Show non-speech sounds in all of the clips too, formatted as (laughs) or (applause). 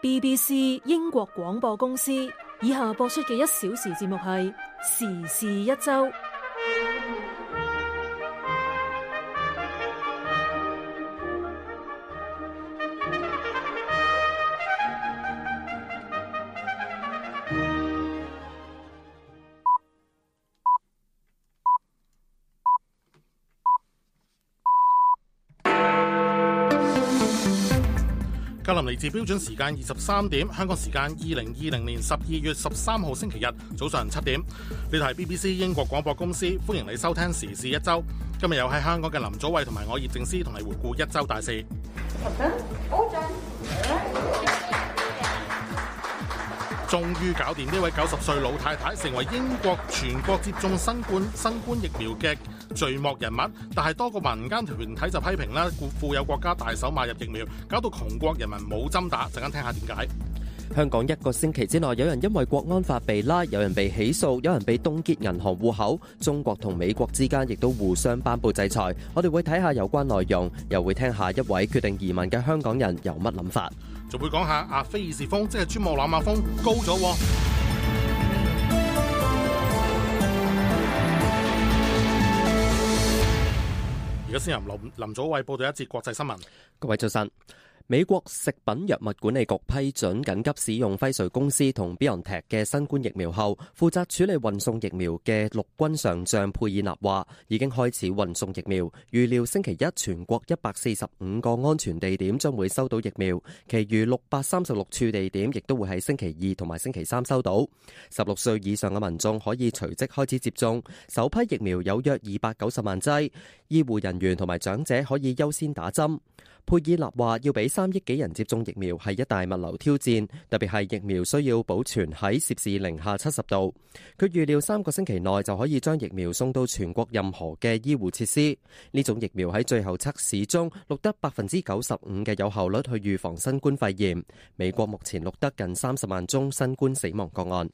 BBC 英國廣播公司以下播出嘅一小時節目係《時事一周》。截至標準時間二十三點，香港時間二零二零年十二月十三號星期日早上七點。呢度係 BBC 英國廣播公司，歡迎你收聽時事一周。今日又喺香港嘅林祖偉同埋我葉政思同你回顧一周大事。好正障， (laughs) 終於搞掂呢位九十歲老太太，成為英國全國接種新冠新冠疫苗嘅罪幕人物，但係多個民間團體就批評啦，富富有國家大手買入疫苗，搞到窮國人民冇針打。陣間聽下點解。香港一個星期之內，有人因為國安法被拉，有人被起訴，有人被凍結銀行戶口。中國同美國之間亦都互相頒布制裁。我哋會睇下有關內容，又會聽下一位決定移民嘅香港人有乜諗法。仲會講下阿菲爾士峯，即係珠穆朗瑪峯高咗。先由林林祖偉報道一節國際新聞，各位早晨。美國食品藥物管理局批准緊急使用輝瑞公司同 BioNTech 嘅新冠疫苗後，負責處理運送疫苗嘅陸軍上將佩爾納話，已經開始運送疫苗，預料星期一全國一百四十五個安全地點將會收到疫苗，其餘六百三十六處地點亦都會喺星期二同埋星期三收到。十六歲以上嘅民眾可以隨即開始接種，首批疫苗有約二百九十萬劑，醫護人員同埋長者可以優先打針。佩爾納話要俾。三億幾人接種疫苗係一大物流挑戰，特別係疫苗需要保存喺攝氏零下七十度。佢預料三個星期內就可以將疫苗送到全國任何嘅醫護設施。呢種疫苗喺最後測試中錄得百分之九十五嘅有效率去預防新冠肺炎。美國目前錄得近三十萬宗新冠死亡個案。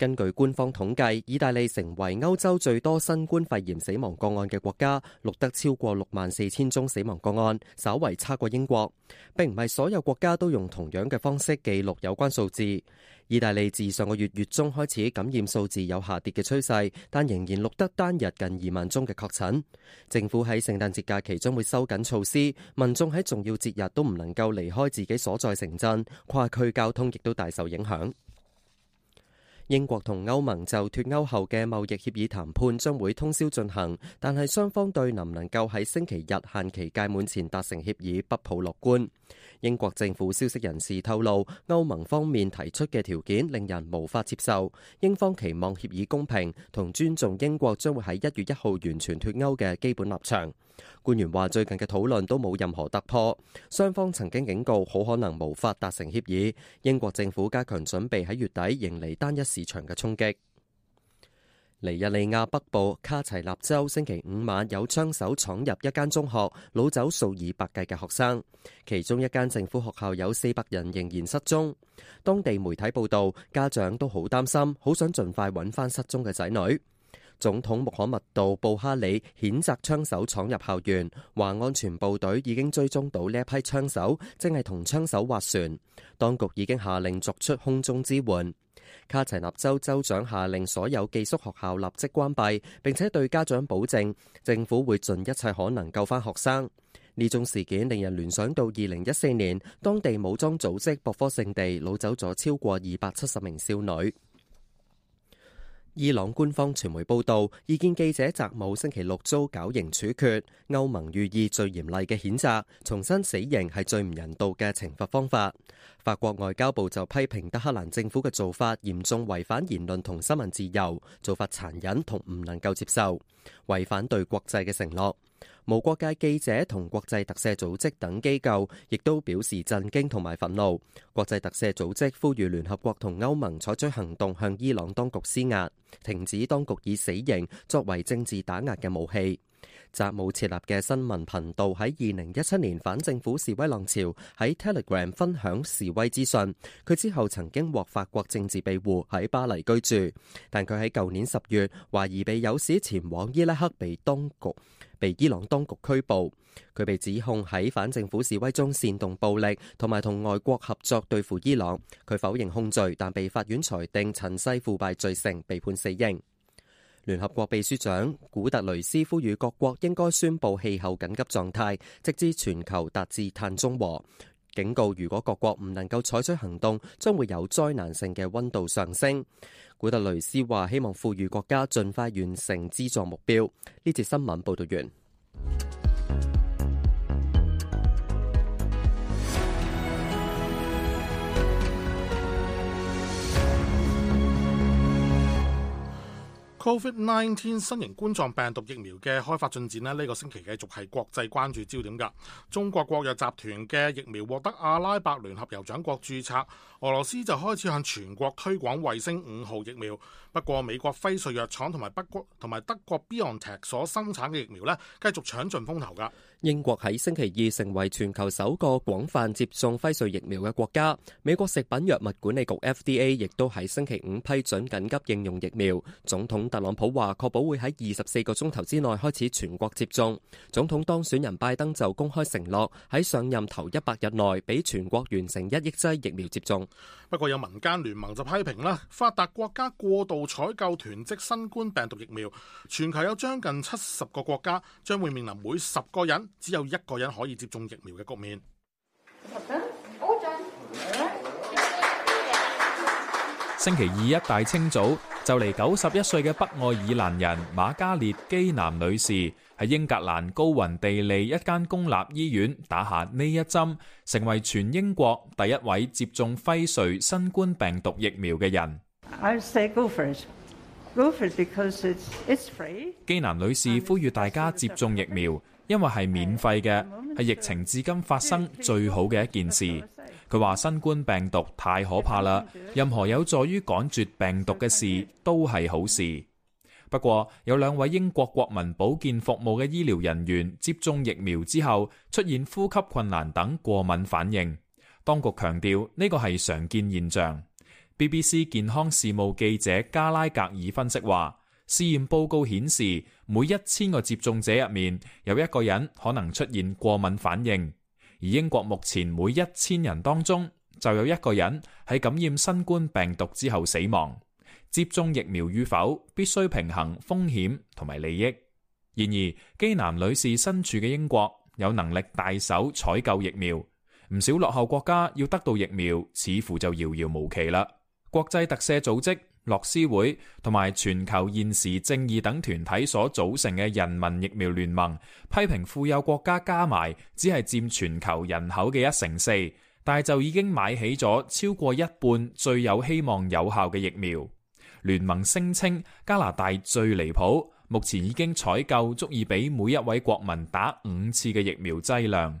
根據官方統計，意大利成為歐洲最多新冠肺炎死亡個案嘅國家，錄得超過六萬四千宗死亡個案，稍為差過英國。並唔係所有國家都用同樣嘅方式記錄有關數字。意大利自上個月月中開始感染數字有下跌嘅趨勢，但仍然錄得單日近二萬宗嘅確診。政府喺聖誕節假期將會收緊措施，民眾喺重要節日都唔能夠離開自己所在城鎮，跨區交通亦都大受影響。英國同歐盟就脫歐後嘅貿易協議談判將會通宵進行，但係雙方對能唔能夠喺星期日限期屆滿前達成協議不抱樂觀。英國政府消息人士透露，歐盟方面提出嘅條件令人無法接受，英方期望協議公平同尊重英國將會喺一月一號完全脫歐嘅基本立場。官員話，最近嘅討論都冇任何突破，雙方曾經警告好可能無法達成協議。英國政府加強準備喺月底迎嚟單一市場嘅衝擊。尼日利亞北部卡齊納州星期五晚有槍手闖入一間中學，擄走數以百計嘅學生，其中一間政府學校有四百人仍然失蹤。當地媒體報道，家長都好擔心，好想盡快揾翻失蹤嘅仔女。總統穆罕默杜布哈里譴責槍手闖入校園，話安全部隊已經追蹤到呢一批槍手，正係同槍手划船。當局已經下令作出空中支援。卡齊納州州長下令所有寄宿學校立即關閉，並且對家長保證政府會盡一切可能救翻學生。呢種事件令人聯想到二零一四年當地武裝組織博科聖地擄走咗超過二百七十名少女。伊朗官方傳媒報道，異見記者澤姆星期六遭絞刑處決，歐盟予以最嚴厲嘅譴責，重申死刑係最唔人道嘅懲罰方法。法國外交部就批評德黑蘭政府嘅做法嚴重違反言論同新聞自由，做法殘忍同唔能夠接受，違反對國際嘅承諾。無國界記者同國際特赦組織等機構亦都表示震驚同埋憤怒。國際特赦組織呼籲聯合國同歐盟採取行動，向伊朗當局施壓，停止當局以死刑作為政治打壓嘅武器。則姆設立嘅新聞頻道喺二零一七年反政府示威浪潮喺 Telegram 分享示威資訊。佢之後曾經獲法國政治庇護喺巴黎居住，但佢喺舊年十月懷疑被誘使前往伊拉克被當局被伊朗當局拘捕。佢被指控喺反政府示威中煽動暴力同埋同外國合作對付伊朗。佢否認控罪，但被法院裁定塵世腐敗罪成，被判死刑。聯合國秘書長古特雷斯呼籲各國應該宣布氣候緊急狀態，直至全球達至碳中和。警告：如果各國唔能夠採取行動，將會有災難性嘅溫度上升。古特雷斯話：希望富裕國家盡快完成資助目標。呢節新聞報道完。Covid nineteen 新型冠狀病毒疫苗嘅開發進展咧，呢個星期繼續係國際關注焦點㗎。中國國藥集團嘅疫苗獲得阿拉伯聯合酋長國註冊，俄羅斯就開始向全國推廣衛星五號疫苗。不過，美國輝瑞藥廠同埋北國同埋德國 Biontech 所生產嘅疫苗呢，繼續搶盡風頭㗎。英國喺星期二成為全球首個廣泛接種輝瑞疫苗嘅國家，美國食品藥物管理局 FDA 亦都喺星期五批准緊急應用疫苗。總統特朗普話確保會喺二十四個鐘頭之內開始全國接種。總統當選人拜登就公開承諾喺上任頭一百日內俾全國完成一億劑疫苗接種。不過有民間聯盟就批評啦，發達國家過度採購囤積新冠病毒疫苗，全球有將近七十個國家將會面臨每十個人，只有一個人可以接種疫苗嘅局面。星期二一大清早，就嚟九十一歲嘅北愛爾蘭人瑪加列基南女士喺英格蘭高雲地利一間公立醫院打下呢一針，成為全英國第一位接種輝瑞新冠病毒疫苗嘅人。I say go for it. Go for it because it's it's free。基南女士呼籲大家接種疫苗。因為係免費嘅，係疫情至今發生最好嘅一件事。佢話新冠病毒太可怕啦，任何有助於趕絕病毒嘅事都係好事。不過有兩位英國國民保健服務嘅醫療人員接種疫苗之後出現呼吸困難等過敏反應，當局強調呢個係常見現象。BBC 健康事務記者加拉格爾分析話，試驗報告顯示。每一千個接種者入面，有一個人可能出現過敏反應；而英國目前每一千人當中，就有一個人喺感染新冠病毒之後死亡。接種疫苗與否，必須平衡風險同埋利益。然而，基南女士身處嘅英國有能力大手採購疫苗，唔少落後國家要得到疫苗，似乎就遙遙無期啦。國際特赦組織、樂施會同埋全球現時正義等團體所組成嘅人民疫苗聯盟批評，富有國家加埋只係佔全球人口嘅一成四，但係就已經買起咗超過一半最有希望有效嘅疫苗。聯盟聲稱加拿大最離譜，目前已經採購足以俾每一位國民打五次嘅疫苗劑量。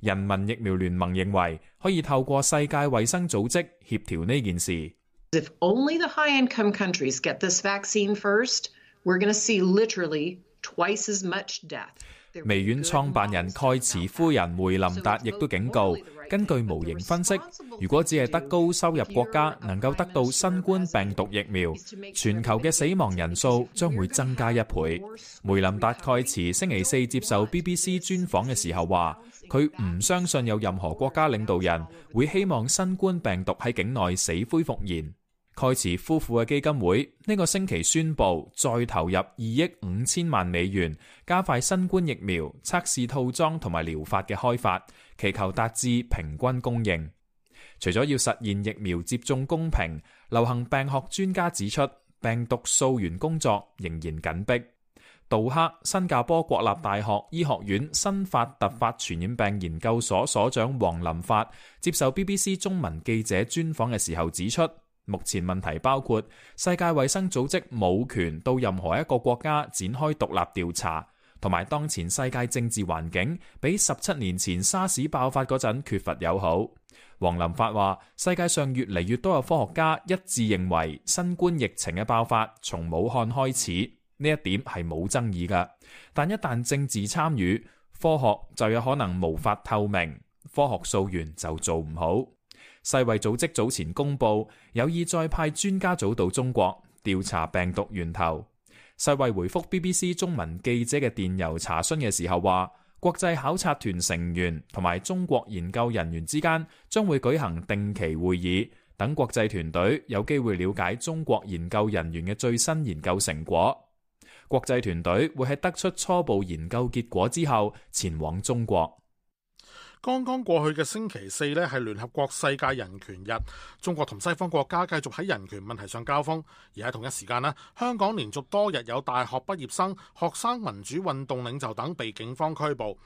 人民疫苗聯盟認為可以透過世界衛生組織協調呢件事。If only the high-income countries get this vaccine first, we're going to see literally twice as much death。微軟創辦人蓋茨夫人梅林達亦都警告，根據模型分析，如果只係得高收入國家能夠得到新冠病毒疫苗，全球嘅死亡人數將會增加一倍。梅林達蓋茨星期四接受 BBC 專訪嘅時候話。佢唔相信有任何國家領導人會希望新冠病毒喺境內死灰復燃。蓋茨夫婦嘅基金會呢個星期宣布，再投入二億五千萬美元，加快新冠疫苗測試套裝同埋療法嘅開發，祈求達至平均供應。除咗要實現疫苗接種公平，流行病學專家指出，病毒溯源工作仍然緊迫。杜克新加坡國立大學醫學院新發突發傳染病研究所所長王林發接受 BBC 中文記者專訪嘅時候指出，目前問題包括世界衛生組織冇權到任何一個國家展開獨立調查，同埋當前世界政治環境比十七年前沙士爆發嗰陣缺乏友好。王林發話：世界上越嚟越多有科學家一致認為，新冠疫情嘅爆發從武漢開始。呢一點係冇爭議㗎，但一旦政治參與，科學就有可能無法透明，科學溯源就做唔好。世衛組織早前公布有意再派專家組到中國調查病毒源頭。世衛回覆 BBC 中文記者嘅電郵查詢嘅時候話，國際考察團成員同埋中國研究人員之間將會舉行定期會議，等國際團隊有機會了解中國研究人員嘅最新研究成果。國際團隊會喺得出初步研究結果之後前往中國。剛剛過去嘅星期四呢，係聯合國世界人權日，中國同西方國家繼續喺人權問題上交鋒。而喺同一時間呢，香港連續多日有大學畢業生、學生民主運動領袖等被警方拘捕。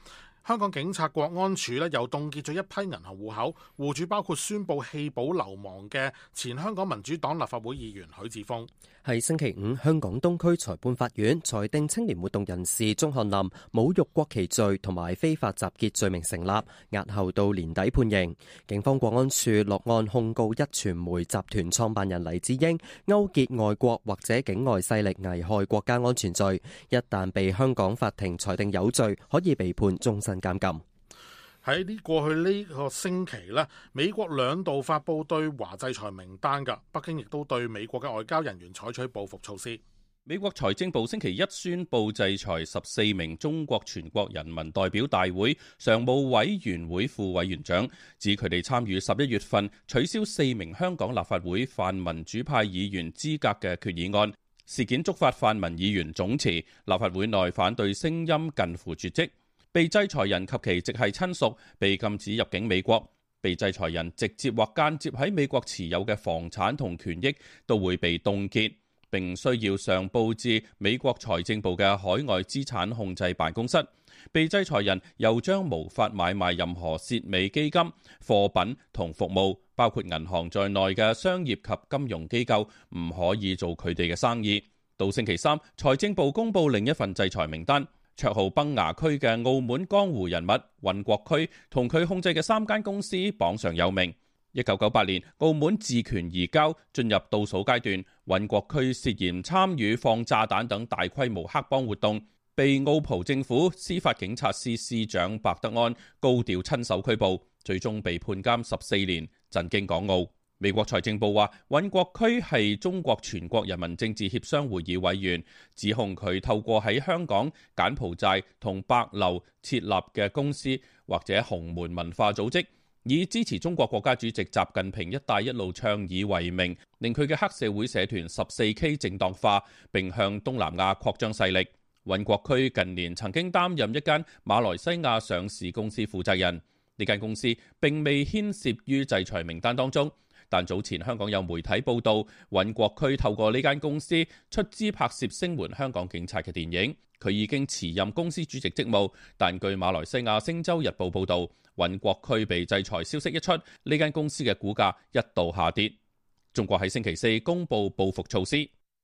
香港警察國安署咧又凍結咗一批銀行戶口，戶主包括宣布棄保流亡嘅前香港民主黨立法會議員許智峰。係星期五，香港東區裁判法院裁定青年活動人士鍾翰林侮辱國旗罪同埋非法集結罪名成立，押後到年底判刑。警方國安處落案控告一傳媒集團創辦人黎智英勾結外國或者境外勢力危害國家安全罪，一旦被香港法庭裁定有罪，可以被判終身監禁。喺呢過去呢個星期咧，美國兩度發布對華制裁名單噶，北京亦都對美國嘅外交人員採取報復措施。美國財政部星期一宣布制裁十四名中國全國人民代表大會常務委員會副委員長，指佢哋參與十一月份取消四名香港立法會泛民主派議員資格嘅決議案，事件觸發泛民議員總辭，立法會內反對聲音近乎絕迹。被制裁人及其直系親屬被禁止入境美國。被制裁人直接或間接喺美國持有嘅房產同權益都會被凍結，並需要上報至美國財政部嘅海外資產控制辦公室。被制裁人又將無法買賣任何涉美基金、貨品同服務，包括銀行在內嘅商業及金融機構唔可以做佢哋嘅生意。到星期三，財政部公布另一份制裁名單。綽號崩牙區嘅澳門江湖人物尹國駒，同佢控制嘅三間公司榜上有名。一九九八年，澳門主權移交進入倒數階段，尹國駒涉嫌參與放炸彈等大規模黑幫活動，被澳葡政府司法警察司司長白德安高調親手拘捕，最終被判監十四年，震驚港澳。美國財政部話，尹國駒係中國全國人民政治協商會議委員，指控佢透過喺香港、柬埔寨同白樓設立嘅公司或者洪門文化組織，以支持中國國家主席習近平“一帶一路”倡議為名，令佢嘅黑社會社團十四 K 正當化，並向東南亞擴張勢力。尹國駒近年曾經擔任一間馬來西亞上市公司負責人，呢間公司並未牽涉於制裁名單當中。但早前香港有媒體報道，尹國駒透過呢間公司出資拍攝聲援香港警察嘅電影，佢已經辭任公司主席職務。但據馬來西亞星洲日報報道，尹國駒被制裁消息一出，呢間公司嘅股價一度下跌。中國喺星期四公布報復措施，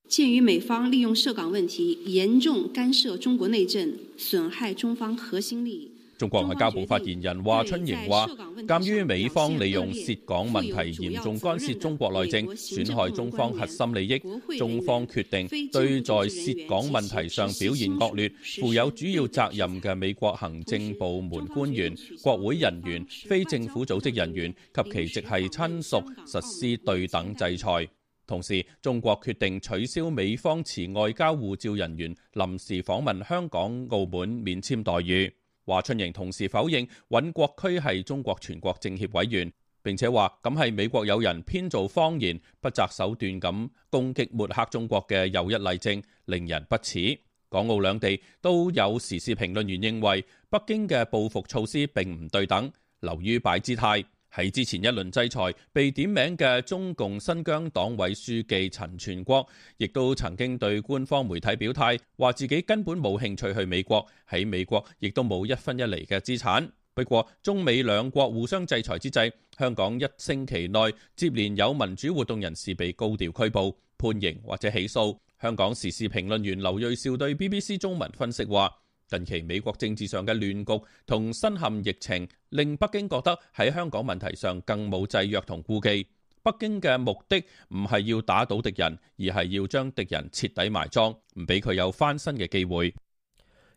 鑑於美方利用涉港問題嚴重干涉中國內政，損害中方核心利益。中國外交部發言人華春瑩話，鑒於美方利用涉港問題嚴重干涉中國內政，損害中方核心利益，中方決定對在涉港問題上表現惡劣、負有主要責任嘅美國行政部門官員、國會人員、非政府組織人員及其直系親屬實施對等制裁。同時，中國決定取消美方持外交護照人員臨時訪問香港、澳門免簽待遇。華春瑩同時否認尹國駒係中國全國政協委員，並且話咁係美國有人編造謊言、不擇手段咁攻擊抹黑中國嘅又一例證，令人不齒。港澳兩地都有時事評論員認為，北京嘅報復措施並唔對等，流於擺姿態。喺之前一輪制裁被點名嘅中共新疆黨委書記陳全國，亦都曾經對官方媒體表態，話自己根本冇興趣去美國，喺美國亦都冇一分一厘嘅資產。不過中美兩國互相制裁之際，香港一星期內接連有民主活動人士被高調拘捕、判刑或者起訴。香港時事評論員劉銳紹對 BBC 中文分析話。近期美國政治上嘅亂局同身陷疫情，令北京覺得喺香港問題上更冇制約同顧忌。北京嘅目的唔係要打倒敵人，而係要將敵人徹底埋葬，唔俾佢有翻身嘅機會。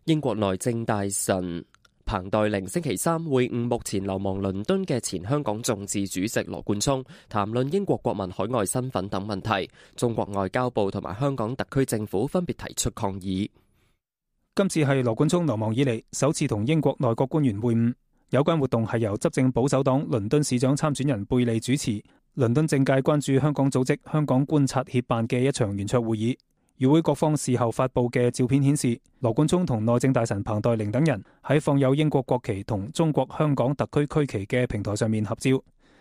英國內政大臣彭黛玲星期三會晤目前流亡倫敦嘅前香港眾志主席羅冠聰，談論英國國民海外身份等問題。中國外交部同埋香港特區政府分別提出抗議。今次係羅冠聰流亡以嚟首次同英國內閣官員會晤，有關活動係由執政保守黨倫敦市長參選人貝利主持。倫敦政界關注香港組織香港觀察協辦嘅一場圓桌會議，議，議會各方事後發佈嘅照片顯示，羅冠聰同內政大臣彭黛玲等人喺放有英國國旗同中國香港特區區旗嘅平台上面合照，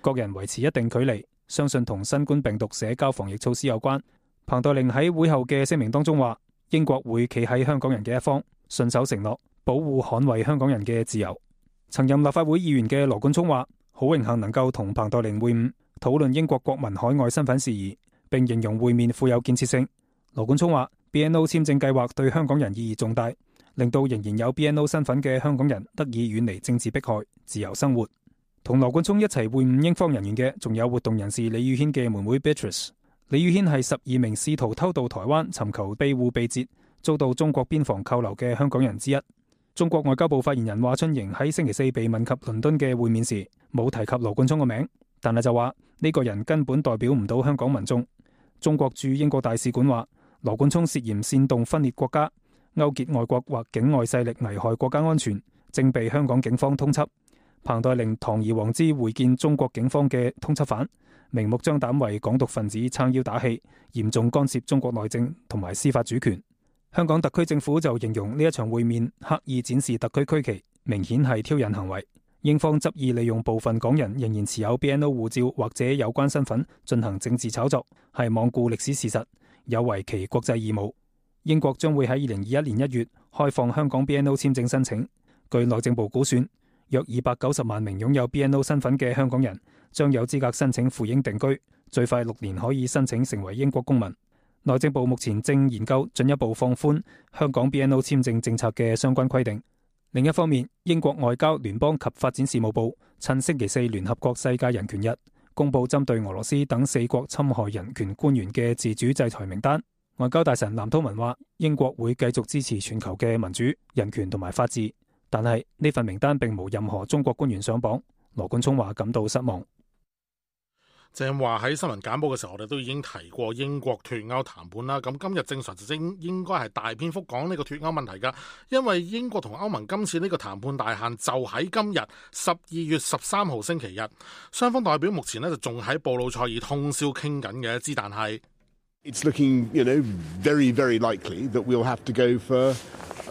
各人維持一定距離，相信同新冠病毒社交防疫措施有關。彭黛玲喺會後嘅聲明當中話。英國會企喺香港人嘅一方，信守承諾，保護捍衞香港人嘅自由。曾任立法會議員嘅羅冠聰話，好榮幸能夠同彭黛玲會晤，討論英國國民海外身份事宜，並形容會面富有建設性。羅冠聰話，BNO 簽證計劃對香港人意義重大，令到仍然有 BNO 身份嘅香港人得以遠離政治迫害，自由生活。同羅冠聰一齊會晤英方人員嘅，仲有活動人士李宇軒嘅妹妹 Beatrice。李宇軒係十二名試圖偷渡台灣、尋求庇護被截，遭到中國邊防扣留嘅香港人之一。中國外交部發言人華春瑩喺星期四被問及倫敦嘅會面時，冇提及羅冠聰個名，但係就話呢、這個人根本代表唔到香港民眾。中國駐英國大使館話，羅冠聰涉嫌煽動分裂國家、勾結外國或境外勢力危害國家安全，正被香港警方通緝。彭代玲堂而皇之會見中國警方嘅通緝犯。明目張膽為港獨分子撐腰打氣，嚴重干涉中國內政同埋司法主權。香港特區政府就形容呢一場會面刻意展示特區區旗，明顯係挑釁行為。英方執意利用部分港人仍然持有 BNO 護照或者有關身份進行政治炒作，係罔顧歷史事實，有違其國際義務。英國將會喺二零二一年一月開放香港 BNO 簽證申請。據內政部估算。約二百九十萬名擁有 BNO 身份嘅香港人將有資格申請赴英定居，最快六年可以申請成為英國公民。內政部目前正研究進一步放寬香港 BNO 簽證政策嘅相關規定。另一方面，英國外交、聯邦及發展事務部趁星期四聯合國世界人權日公布針對俄羅斯等四國侵害人權官員嘅自主制裁名單。外交大臣藍韜文話，英國會繼續支持全球嘅民主、人權同埋法治。但係呢份名單並冇任何中國官員上榜，羅冠聰話感到失望。正話喺新聞簡報嘅時候，我哋都已經提過英國脫歐談判啦。咁今日正常就應應該係大篇幅講呢個脫歐問題噶，因為英國同歐盟今次呢個談判大限就喺今日十二月十三號星期日，雙方代表目前呢就仲喺布魯塞爾通宵傾緊嘅。一之但係，It's looking, you know, very, very likely that we'll have to go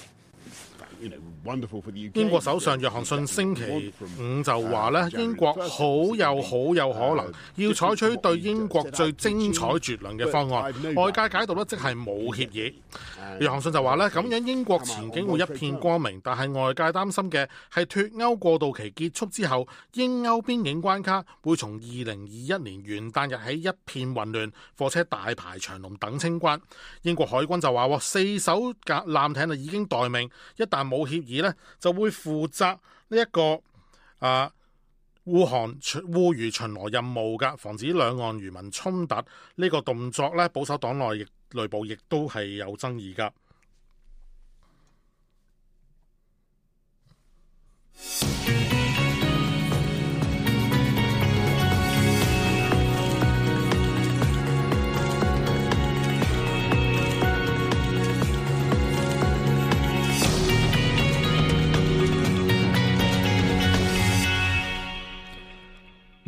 英國首相約翰遜星，星期五就話咧，英國好有好有可能要採取對英國最精彩絕倫嘅方案。外界解讀咧，即係冇協議。約翰遜就話咧，咁樣英國前景會一片光明，但係外界擔心嘅係脫歐過渡期結束之後，英歐邊境關卡會從二零二一年元旦日起一片混亂，貨車大排長龍等清關。英國海軍就話，四艘艦艇就已經待命，一旦冇協議。而呢就會負責呢、這、一個啊護航、護、呃、漁巡邏任務嘅，防止兩岸漁民衝突呢個動作呢，保守黨內亦內部亦都係有爭議噶。 (noise)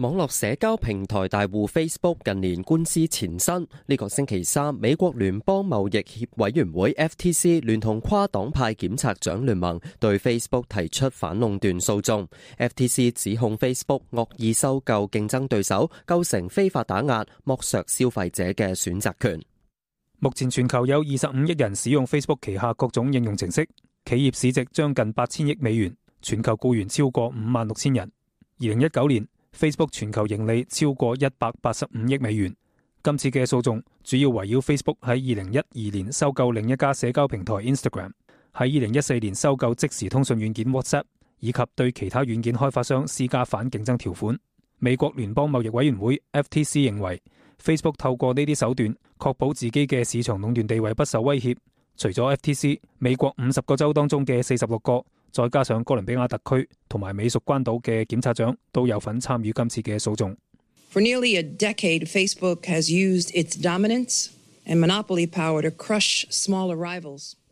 網絡社交平台大戶 Facebook 近年官司纏身。呢個星期三，美國聯邦貿易協委員會 FTC 聯同跨黨派檢察長聯盟對 Facebook 提出反壟斷訴訟。FTC 指控 Facebook 惡意收購競爭對手，構成非法打壓，剝削消費者嘅選擇權。目前全球有二十五億人使用 Facebook 旗下各種應用程式，企業市值將近八千億美元，全球雇員超過五萬六千人。二零一九年。Facebook 全球盈利超過一百八十五億美元。今次嘅訴訟主要圍繞 Facebook 喺二零一二年收購另一家社交平台 Instagram，喺二零一四年收購即時通訊軟件 WhatsApp，以及對其他軟件開發商施加反競爭條款。美國聯邦貿易委員會 （FTC） 認為 Facebook 透過呢啲手段確保自己嘅市場壟斷地位不受威脅。除咗 FTC，美國五十個州當中嘅四十六個。再加上哥倫比亞特區同埋美屬關島嘅檢察長都有份參與今次嘅訴訟。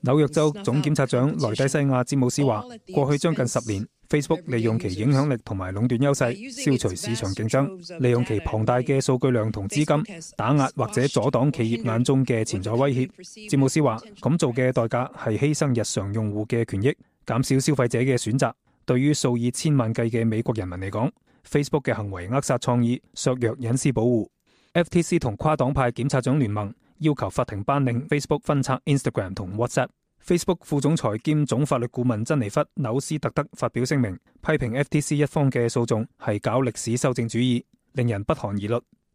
紐約州總檢察長萊蒂西亞·詹姆斯話，過去將近十年，Facebook 利用其影響力同埋壟斷優勢，消除市場競爭，利用其龐大嘅數據量同資金打壓或者阻擋企業眼中嘅潛在威脅。詹姆斯話，咁做嘅代價係犧牲日常用戶嘅權益。減少消費者嘅選擇，對於數以千萬計嘅美國人民嚟講，Facebook 嘅行為扼殺創意、削弱隱私保護。FTC 同跨黨派檢察長聯盟要求法庭頒令 Facebook 分拆 Instagram 同 WhatsApp。Facebook 副總裁兼總法律顧問珍妮弗紐斯特德發表聲明，批評 FTC 一方嘅訴訟係搞歷史修正主義，令人不寒而慄。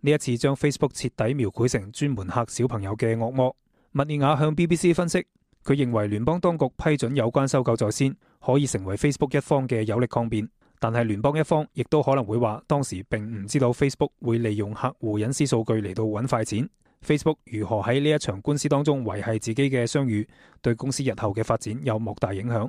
呢一次將 Facebook 徹底描繪成專門嚇小朋友嘅惡魔。麥列雅向 BBC 分析，佢認為聯邦當局批准有關收購在先，可以成為 Facebook 一方嘅有力抗辯，但係聯邦一方亦都可能會話當時並唔知道 Facebook 會利用客戶隱私數據嚟到搵快錢。Facebook 如何喺呢一場官司當中維繫自己嘅商譽，對公司日後嘅發展有莫大影響。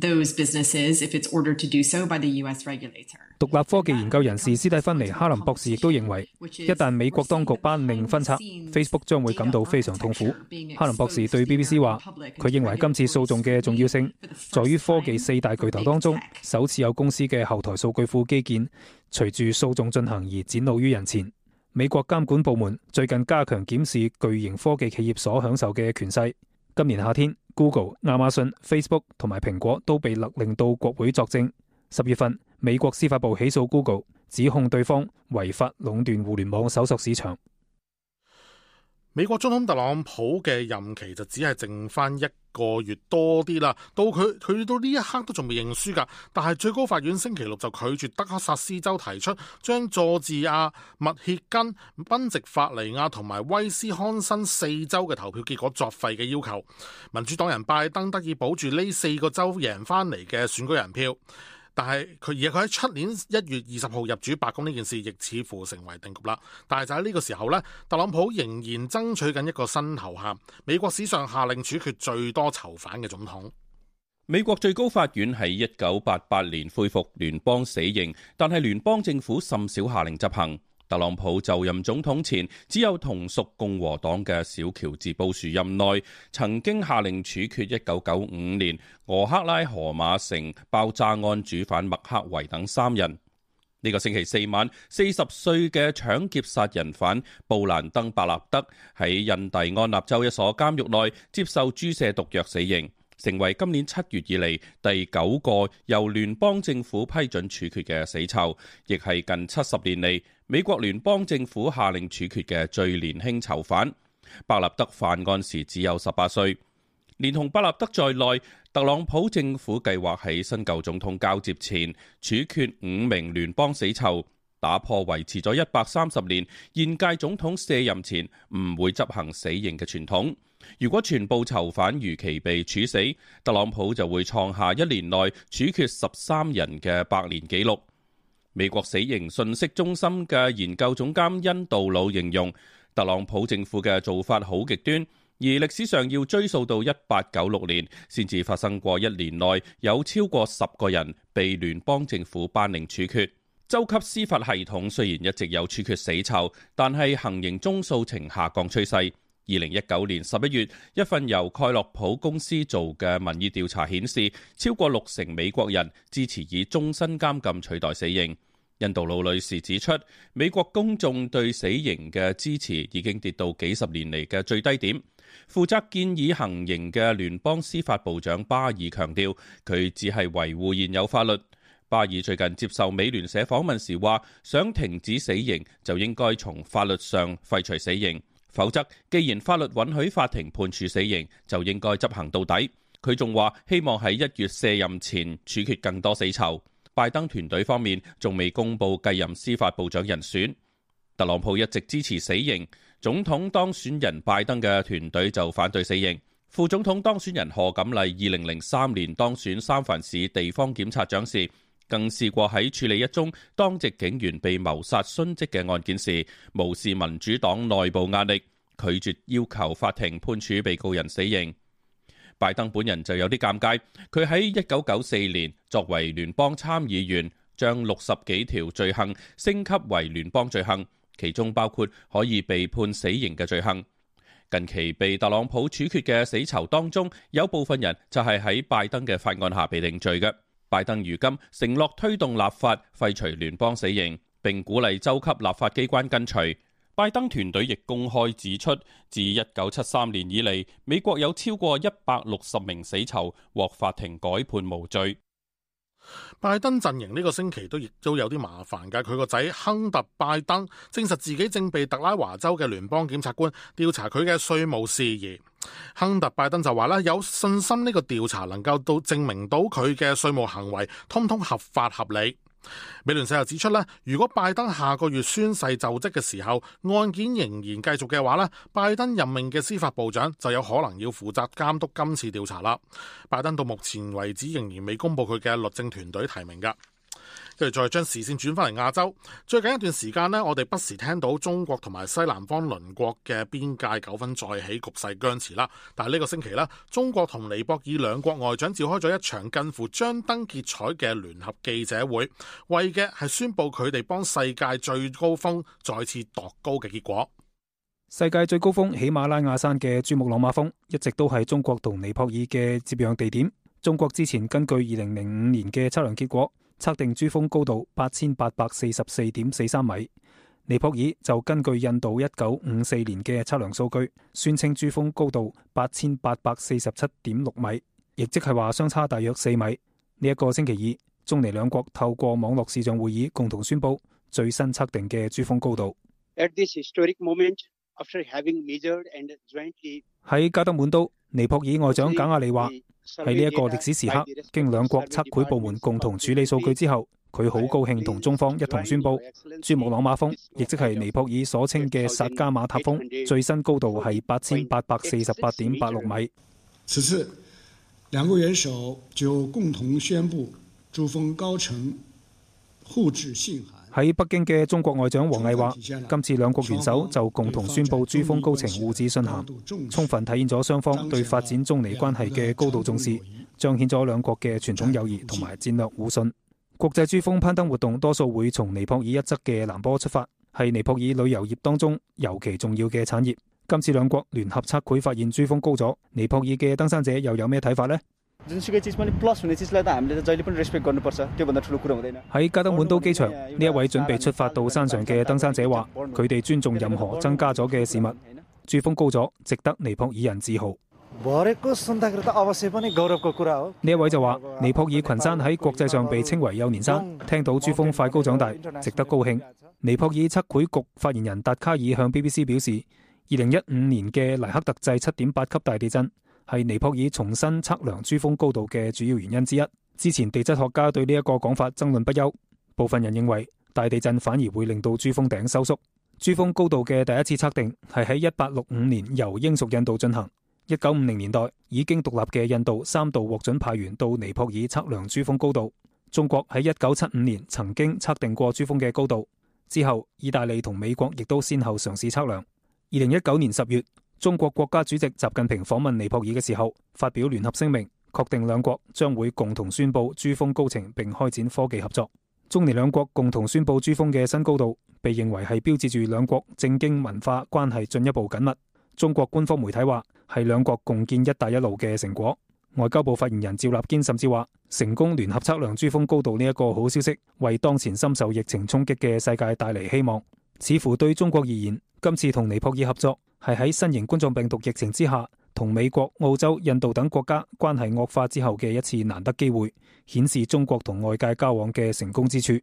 獨立科技研究人士斯蒂芬尼·哈林博士亦都認為，一旦美國當局頒令分拆 Facebook，將會感到非常痛苦。哈林博士對 BBC 話，佢認為今次訴訟嘅重要性，在於科技四大巨頭當中，首次有公司嘅後台數據庫基建隨住訴訟進行而展露於人前。美國監管部門最近加強檢視巨型科技企業所享受嘅權勢。今年夏天，Google、亞馬遜、Facebook 同埋蘋果都被勒令到國會作證。十月份，美國司法部起訴 Google，指控對方違法壟斷互聯網搜索市場。美國總統特朗普嘅任期就只係剩翻一個月多啲啦，到佢佢到呢一刻都仲未認輸㗎，但係最高法院星期六就拒絕德克薩斯州提出將佐治亞、密歇根、賓夕法尼亞同埋威斯康辛四州嘅投票結果作廢嘅要求，民主黨人拜登得以保住呢四個州贏翻嚟嘅選舉人票。但係佢而佢喺出年一月二十號入主白宮呢件事，亦似乎成為定局啦。但係就喺呢個時候呢，特朗普仍然爭取緊一個新頭銜——美國史上下令處決最多囚犯嘅總統。美國最高法院喺一九八八年恢復聯邦死刑，但係聯邦政府甚少下令執行。特朗普就任總統前，只有同屬共和黨嘅小喬治·布殊任內，曾經下令處決一九九五年俄克拉荷馬城爆炸案主犯麥克維等三人。呢個星期四晚，四十歲嘅搶劫殺人犯布蘭登·伯納德喺印第安納州一所監獄內接受注射毒藥死刑，成為今年七月以嚟第九個由聯邦政府批准處決嘅死囚，亦係近七十年嚟美國聯邦政府下令處決嘅最年輕囚犯巴納德犯案時只有十八歲。連同巴納德在內，特朗普政府計劃喺新舊總統交接前處決五名聯邦死囚，打破維持咗一百三十年現屆總統卸任前唔會執行死刑嘅傳統。如果全部囚犯如期被處死，特朗普就會創下一年內處決十三人嘅百年紀錄。美國死刑信息中心嘅研究總監恩杜魯形容特朗普政府嘅做法好極端，而歷史上要追溯到一八九六年先至發生過一年內有超過十個人被聯邦政府頒令處決。州級司法系統雖然一直有處決死囚，但係行刑宗數呈下降趨勢。二零一九年十一月，一份由蓋洛普公司做嘅民意調查顯示，超過六成美國人支持以終身監禁取代死刑。印度盧女士指出，美國公眾對死刑嘅支持已經跌到幾十年嚟嘅最低點。負責建議行刑嘅聯邦司法部長巴爾強調，佢只係維護現有法律。巴爾最近接受美聯社訪問時話，想停止死刑就應該從法律上廢除死刑。否則，既然法律允許法庭判處死刑，就應該執行到底。佢仲話希望喺一月卸任前處決更多死囚。拜登團隊方面仲未公布繼任司法部長人選。特朗普一直支持死刑，總統當選人拜登嘅團隊就反對死刑。副總統當選人何錦麗二零零三年當選三藩市地方檢察長時，更試過喺處理一宗當值警員被謀殺殉職嘅案件時，無視民主黨內部壓力，拒絕要求法庭判處被告人死刑。拜登本人就有啲尷尬，佢喺1994年作為聯邦參議員，將六十幾條罪行升級為聯邦罪行，其中包括可以被判死刑嘅罪行。近期被特朗普處決嘅死囚當中，有部分人就係喺拜登嘅法案下被定罪嘅。拜登如今承諾推動立法，廢除聯邦死刑，並鼓勵州級立法機關跟隨。拜登團隊亦公開指出，自一九七三年以嚟，美國有超過一百六十名死囚獲法庭改判無罪。拜登陣營呢個星期都亦都有啲麻煩㗎，佢個仔亨特拜登證實自己正被特拉華州嘅聯邦檢察官調查佢嘅稅務事宜。亨特拜登就話啦，有信心呢個調查能夠到證明到佢嘅稅務行為通通合法合理。美聯社又指出咧，如果拜登下個月宣誓就職嘅時候，案件仍然繼續嘅話咧，拜登任命嘅司法部長就有可能要負責監督今次調查啦。拜登到目前為止仍然未公布佢嘅律政團隊提名噶。跟住再將視線轉翻嚟亞洲，最近一段時間呢，我哋不時聽到中國同埋西南方鄰國嘅邊界糾紛再起，局勢僵持啦。但係呢個星期呢，中國同尼泊爾兩國外長召開咗一場近乎張燈結彩嘅聯合記者會，為嘅係宣布佢哋幫世界最高峰再次度高嘅結果。世界最高峰喜馬拉雅山嘅珠穆朗瑪峰一直都係中國同尼泊爾嘅接壤地點。中國之前根據二零零五年嘅測量結果。測定珠峰高度八千八百四十四點四三米，尼泊爾就根據印度一九五四年嘅測量數據，宣稱珠峰高度八千八百四十七點六米，亦即係話相差大約四米。呢、這、一個星期二，中尼兩國透過網絡視像會議，共同宣布最新測定嘅珠峰高度。喺加德滿都，尼泊爾外長賈亞利話。喺呢一個歷史時刻，經兩國測繪部門共同處理數據之後，佢好高興同中方一同宣佈，珠穆朗瑪峰，亦即係尼泊爾所稱嘅薩加瑪塔峰，最新高度係八千八百四十八點八六米。此次兩國元首就共同宣佈珠峰高程互致信函。喺北京嘅中國外長王毅話：今次兩國元首就共同宣佈珠峰高程互致信函，充分體現咗雙方對發展中尼關係嘅高度重視，彰顯咗兩國嘅傳統友誼同埋戰略互信。國際珠峰攀登活動多數會從尼泊爾一側嘅南坡出發，係尼泊爾旅遊業當中尤其重要嘅產業。今次兩國聯合測繪發現珠峰高咗，尼泊爾嘅登山者又有咩睇法呢？喺加德滿都機場，呢一位準備出發到山上嘅登山者話：佢哋尊重任何增加咗嘅事物。珠峰高咗，值得尼泊爾人自豪。呢一位就話：尼泊爾群山喺國際上被稱為幼年山。嗯、聽到珠峰快高長大，值得高興。尼泊爾測繪局發言人達卡爾向 BBC 表示：二零一五年嘅黎克特制七點八級大地震，係尼泊爾重新測量珠峰高度嘅主要原因之一。之前地質學家對呢一個講法爭論不休，部分人認為大地震反而會令到珠峰頂收縮。珠峰高度嘅第一次測定係喺一八六五年由英屬印度進行。一九五零年代已經獨立嘅印度三度獲准派員到尼泊爾測量珠峰高度。中國喺一九七五年曾經測定過珠峰嘅高度，之後意大利同美國亦都先後嘗試測量。二零一九年十月，中國國家主席習近平訪問尼泊爾嘅時候，發表聯合聲明，確定兩國將會共同宣布珠峰高程，並開展科技合作。中尼兩國共同宣布珠峰嘅新高度，被認為係標誌住兩國政經文化關係進一步緊密。中國官方媒體話係兩國共建“一帶一路”嘅成果。外交部發言人趙立堅甚至話，成功聯合測量珠峰高度呢一個好消息，為當前深受疫情衝擊嘅世界帶嚟希望。似乎對中國而言，今次同尼泊爾合作。係喺新型冠狀病毒疫情之下，同美國、澳洲、印度等國家關係惡化之後嘅一次難得機會，顯示中國同外界交往嘅成功之處。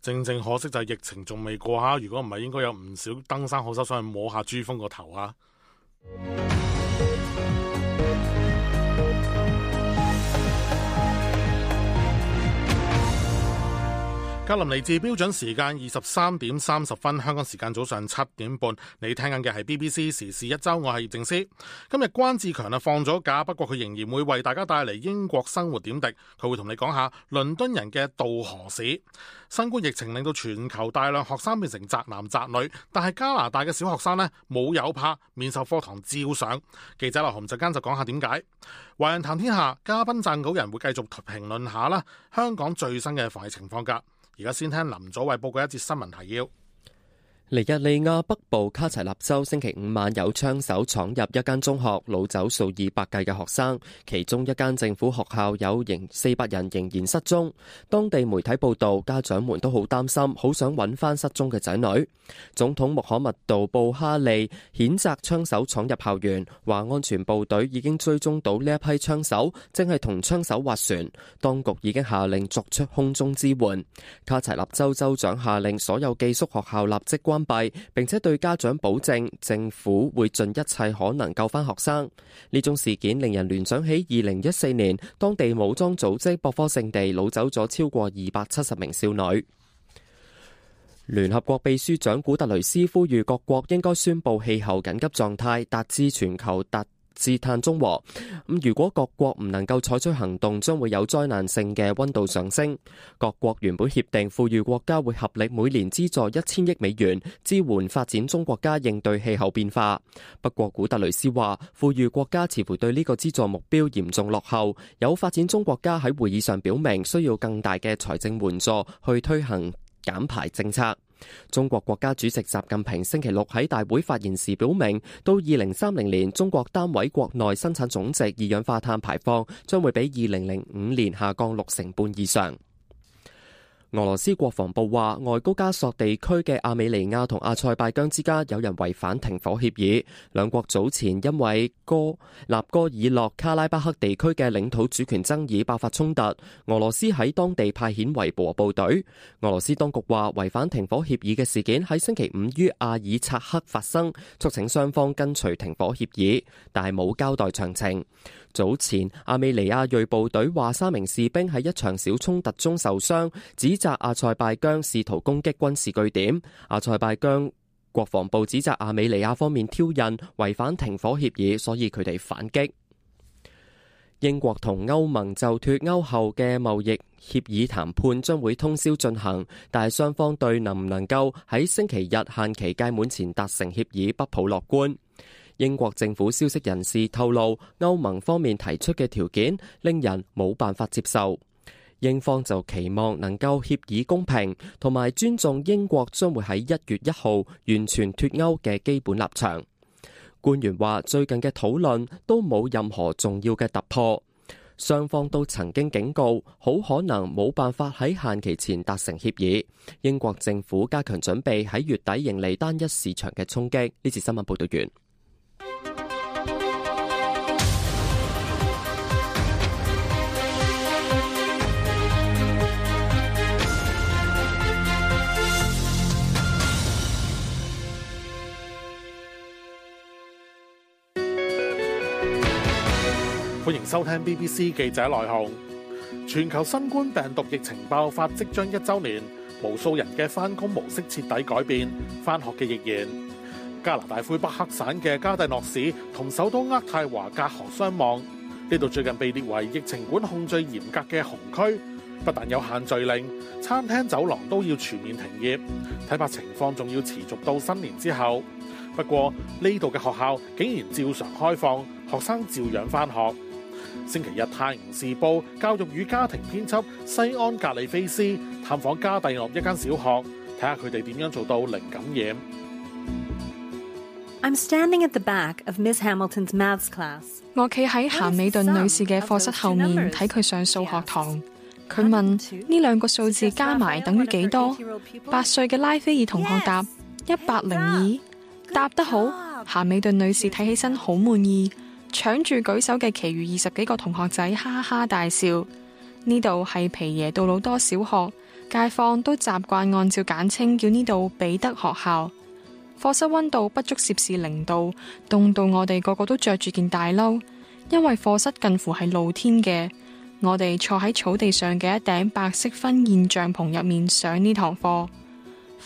正正可惜就係疫情仲未過下，如果唔係，應該有唔少登山好手想去摸下珠峰個頭啊！格林尼治標準時間二十三點三十分，香港時間早上七點半。你聽緊嘅係 BBC 時事一周，我係葉靖斯。今日關志強啊放咗假，不過佢仍然會為大家帶嚟英國生活點滴。佢會同你講下倫敦人嘅渡河史。新冠疫情令到全球大量學生變成宅男宅女，但係加拿大嘅小學生呢，冇有怕，面授課堂照上。記者劉紅就間就講下點解。華人談天下嘉賓撰稿人會繼續評論下啦。香港最新嘅防疫情況噶。而家先聽林祖偉報告一節新聞提要。尼日利亞北部卡齊納州星期五晚有槍手闖入一間中學擄走數以百計嘅學生，其中一間政府學校有成四百人仍然失蹤。當地媒體報道，家長們都好擔心，好想揾翻失蹤嘅仔女。總統穆罕默杜布哈利譴責槍手闖入校園，話安全部隊已經追蹤到呢一批槍手，正係同槍手劃船。當局已經下令作出空中支援。卡齊納州州長下令所有寄宿學校立即關。關閉，並且對家長保證，政府會盡一切可能救翻學生。呢種事件令人聯想起二零一四年當地武裝組織博科聖地擄走咗超過二百七十名少女。聯合國秘書長古特雷斯呼籲各國應該宣佈氣候緊急狀態，達至全球達。至碳中和咁，如果各國唔能夠採取行動，將會有災難性嘅溫度上升。各國原本協定，富裕國家會合力每年資助一千億美元支援發展中國家應對氣候變化。不過，古特雷斯話，富裕國家似乎對呢個資助目標嚴重落後，有發展中國家喺會議上表明需要更大嘅財政援助去推行減排政策。中國國家主席習近平星期六喺大會發言時表明，到二零三零年中國單位國內生產總值二氧化碳排放將會比二零零五年下降六成半以上。俄羅斯國防部話，外高加索地區嘅亞美尼亞同阿塞拜疆之間有人違反停火協議。兩國早前因為哥納哥爾洛卡拉巴克地區嘅領土主權爭議爆發衝突，俄羅斯喺當地派遣維和部隊。俄羅斯當局話，違反停火協議嘅事件喺星期五於阿爾察克發生，促請雙方跟隨停火協議，但係冇交代詳情。早前，阿美尼亞銳部隊話三名士兵喺一場小衝突中受傷，指責阿塞拜疆試圖攻擊軍事據點。阿塞拜疆國防部指責阿美尼亞方面挑釁，違反停火協議，所以佢哋反擊。英國同歐盟就脫歐後嘅貿易協議談判將會通宵進行，但係雙方對能唔能夠喺星期日限期屆滿前達成協議不抱樂觀。英國政府消息人士透露，歐盟方面提出嘅條件令人冇辦法接受。英方就期望能夠協議公平，同埋尊重英國將會喺一月一號完全脫歐嘅基本立場。官員話，最近嘅討論都冇任何重要嘅突破，雙方都曾經警告，好可能冇辦法喺限期前達成協議。英國政府加強準備喺月底迎嚟單一市場嘅衝擊。呢次新聞報道完。歡迎收聽 BBC 記者來鴻。全球新冠病毒疫情爆發即將一周年，無數人嘅翻工模式徹底改變，翻學嘅亦然。加拿大魁北克省嘅加蒂諾市同首都渥太華隔河相望，呢度最近被列為疫情管控最嚴格嘅紅區，不但有限聚令，餐廳走廊都要全面停業，睇怕情況仲要持續到新年之後。不過呢度嘅學校竟然照常開放，學生照樣翻學。星期日，《泰晤士報》教育與家庭編輯西安格里菲斯探訪加蒂諾一間小學，睇下佢哋點樣做到零感染。I'm standing at the back of Miss Hamilton's maths class。我企喺咸美頓女士嘅課室後面睇佢上數學堂。佢問：呢兩個數字加埋等於幾多？八歲嘅拉菲爾同學答：一百零二。答得好，咸美頓女士睇起身好滿意。搶住舉手嘅其餘二十幾個同學仔，哈哈大笑。呢度係皮耶杜魯多小學，街坊都習慣按照簡稱叫呢度彼得學校。課室溫度不足攝氏零度，凍到我哋個個都着住件大褸，因為課室近乎係露天嘅。我哋坐喺草地上嘅一頂白色婚宴帳篷入面上呢堂課。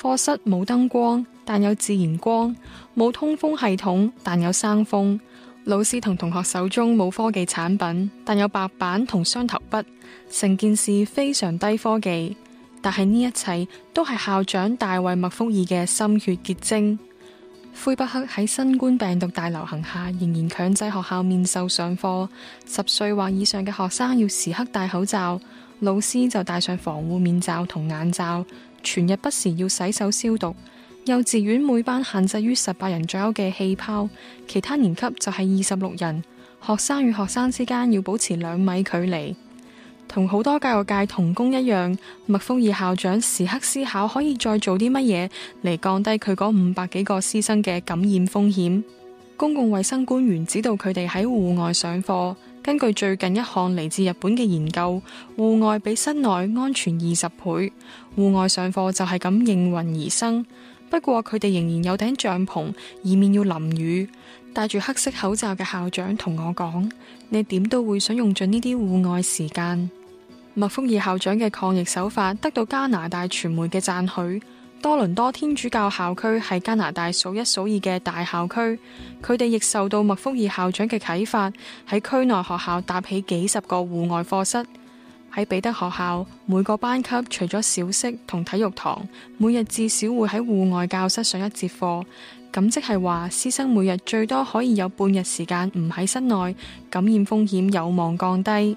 課室冇燈光，但有自然光；冇通風系統，但有生風。老師同同學手中冇科技產品，但有白板同雙頭筆，成件事非常低科技。但係呢一切都係校長大衛麥福爾嘅心血結晶。魁北克喺新冠病毒大流行下，仍然強制學校面授上課，十歲或以上嘅學生要時刻戴口罩，老師就戴上防護面罩同眼罩，全日不時要洗手消毒。幼稚園每班限制於十八人左右嘅氣泡，其他年級就係二十六人。學生與學生之間要保持兩米距離。同好多教育界同工一樣，麥克爾校長時刻思考可以再做啲乜嘢嚟降低佢嗰五百幾個師生嘅感染風險。公共衛生官員指導佢哋喺戶外上課，根據最近一項嚟自日本嘅研究，戶外比室內安全二十倍。戶外上課就係咁應運而生。不過佢哋仍然有頂帳篷，以免要淋雨。戴住黑色口罩嘅校長同我講，你點都會想用盡呢啲戶外時間。麥福爾校長嘅抗疫手法得到加拿大傳媒嘅贊許。多倫多天主教校區係加拿大數一數二嘅大校區，佢哋亦受到麥福爾校長嘅啟發，喺區內學校搭起幾十個戶外課室。喺彼得學校，每個班級除咗小息同體育堂，每日至少會喺戶外教室上一節課。咁即係話，師生每日最多可以有半日時間唔喺室內，感染風險有望降低。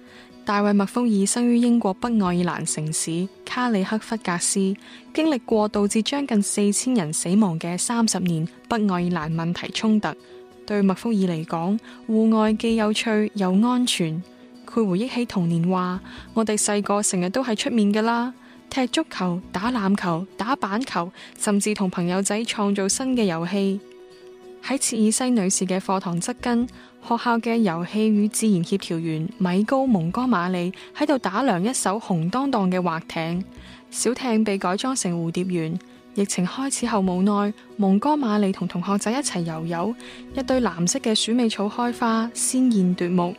大衛麥福爾生於英國北愛爾蘭城市卡里克弗格斯，經歷過導致將近四千人死亡嘅三十年北愛爾蘭問題衝突。對麥福爾嚟講，戶外既有趣又安全。佢回憶起童年話：我哋細個成日都喺出面噶啦，踢足球、打籃球、打板球，甚至同朋友仔創造新嘅遊戲。喺切爾西女士嘅課堂側跟。學校嘅遊戲與自然協調員米高蒙哥馬利喺度打量一艘紅當當嘅劃艇，小艇被改裝成蝴蝶園。疫情開始後，無奈蒙哥馬利同同學仔一齊游游，一堆藍色嘅鼠尾草開花，鮮艷奪目。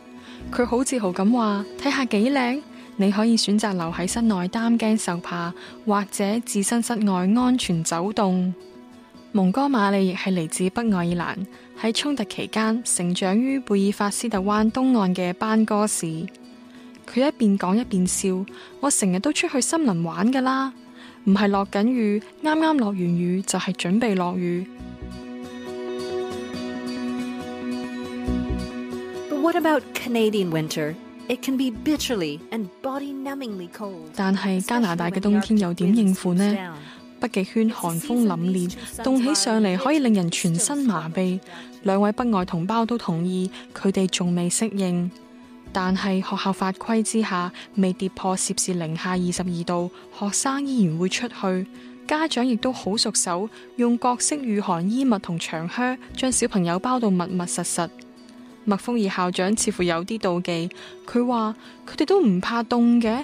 佢好自豪咁話：睇下幾靚！你可以選擇留喺室內擔驚受怕，或者置身室外安全走動。蒙哥馬利亦係嚟自北愛爾蘭。喺衝突期間，成長於貝爾法斯特灣東岸嘅班戈市，佢一邊講一邊笑，我成日都出去森林玩㗎啦，唔係落緊雨，啱啱落完雨就係、是、準備落雨。But what about Canadian winter? It can be bitterly and body numbingly cold. 但係加拿大嘅冬天又點應付呢？北極圈寒風凜冽，凍起上嚟可以令人全身麻痹。兩位北外同胞都同意，佢哋仲未適應。但係學校法規之下，未跌破攝氏零下二十二度，學生依然會出去。家長亦都好熟手，用各式御寒衣物同長靴將小朋友包到密密實實。麥楓儀校長似乎有啲妒忌，佢話佢哋都唔怕凍嘅。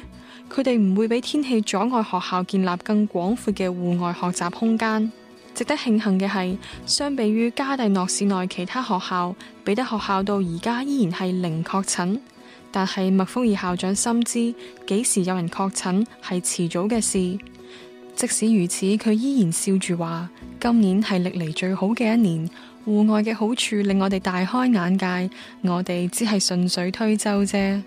佢哋唔會俾天氣阻礙學校建立更廣闊嘅戶外學習空間。值得慶幸嘅係，相比於加蒂諾市內其他學校，彼得學校到而家依然係零確診。但係麥豐爾校長深知，幾時有人確診係遲早嘅事。即使如此，佢依然笑住話：今年係歷嚟最好嘅一年，戶外嘅好處令我哋大開眼界。我哋只係順水推舟啫。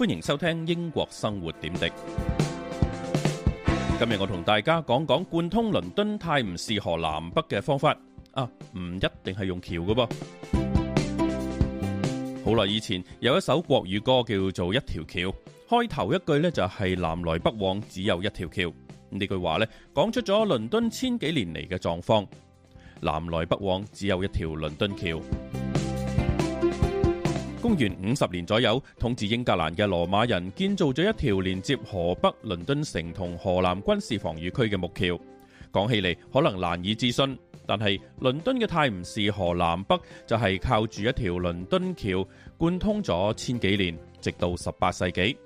歡迎收聽英國生活點滴。今日我同大家講講貫通倫敦泰晤士河南北嘅方法啊，唔一定係用橋噶噃。好啦，以前有一首國語歌叫做《一條橋》，開頭一句呢就係南來北往只有一條橋。呢句話呢講出咗倫敦千幾年嚟嘅狀況，南來北往只有一條倫敦橋。公元五十年左右，統治英格蘭嘅羅馬人建造咗一條連接河北倫敦城同河南軍事防禦區嘅木橋。講起嚟可能難以置信，但係倫敦嘅泰晤士河南北就係靠住一條倫敦橋貫通咗千幾年，直到十八世紀。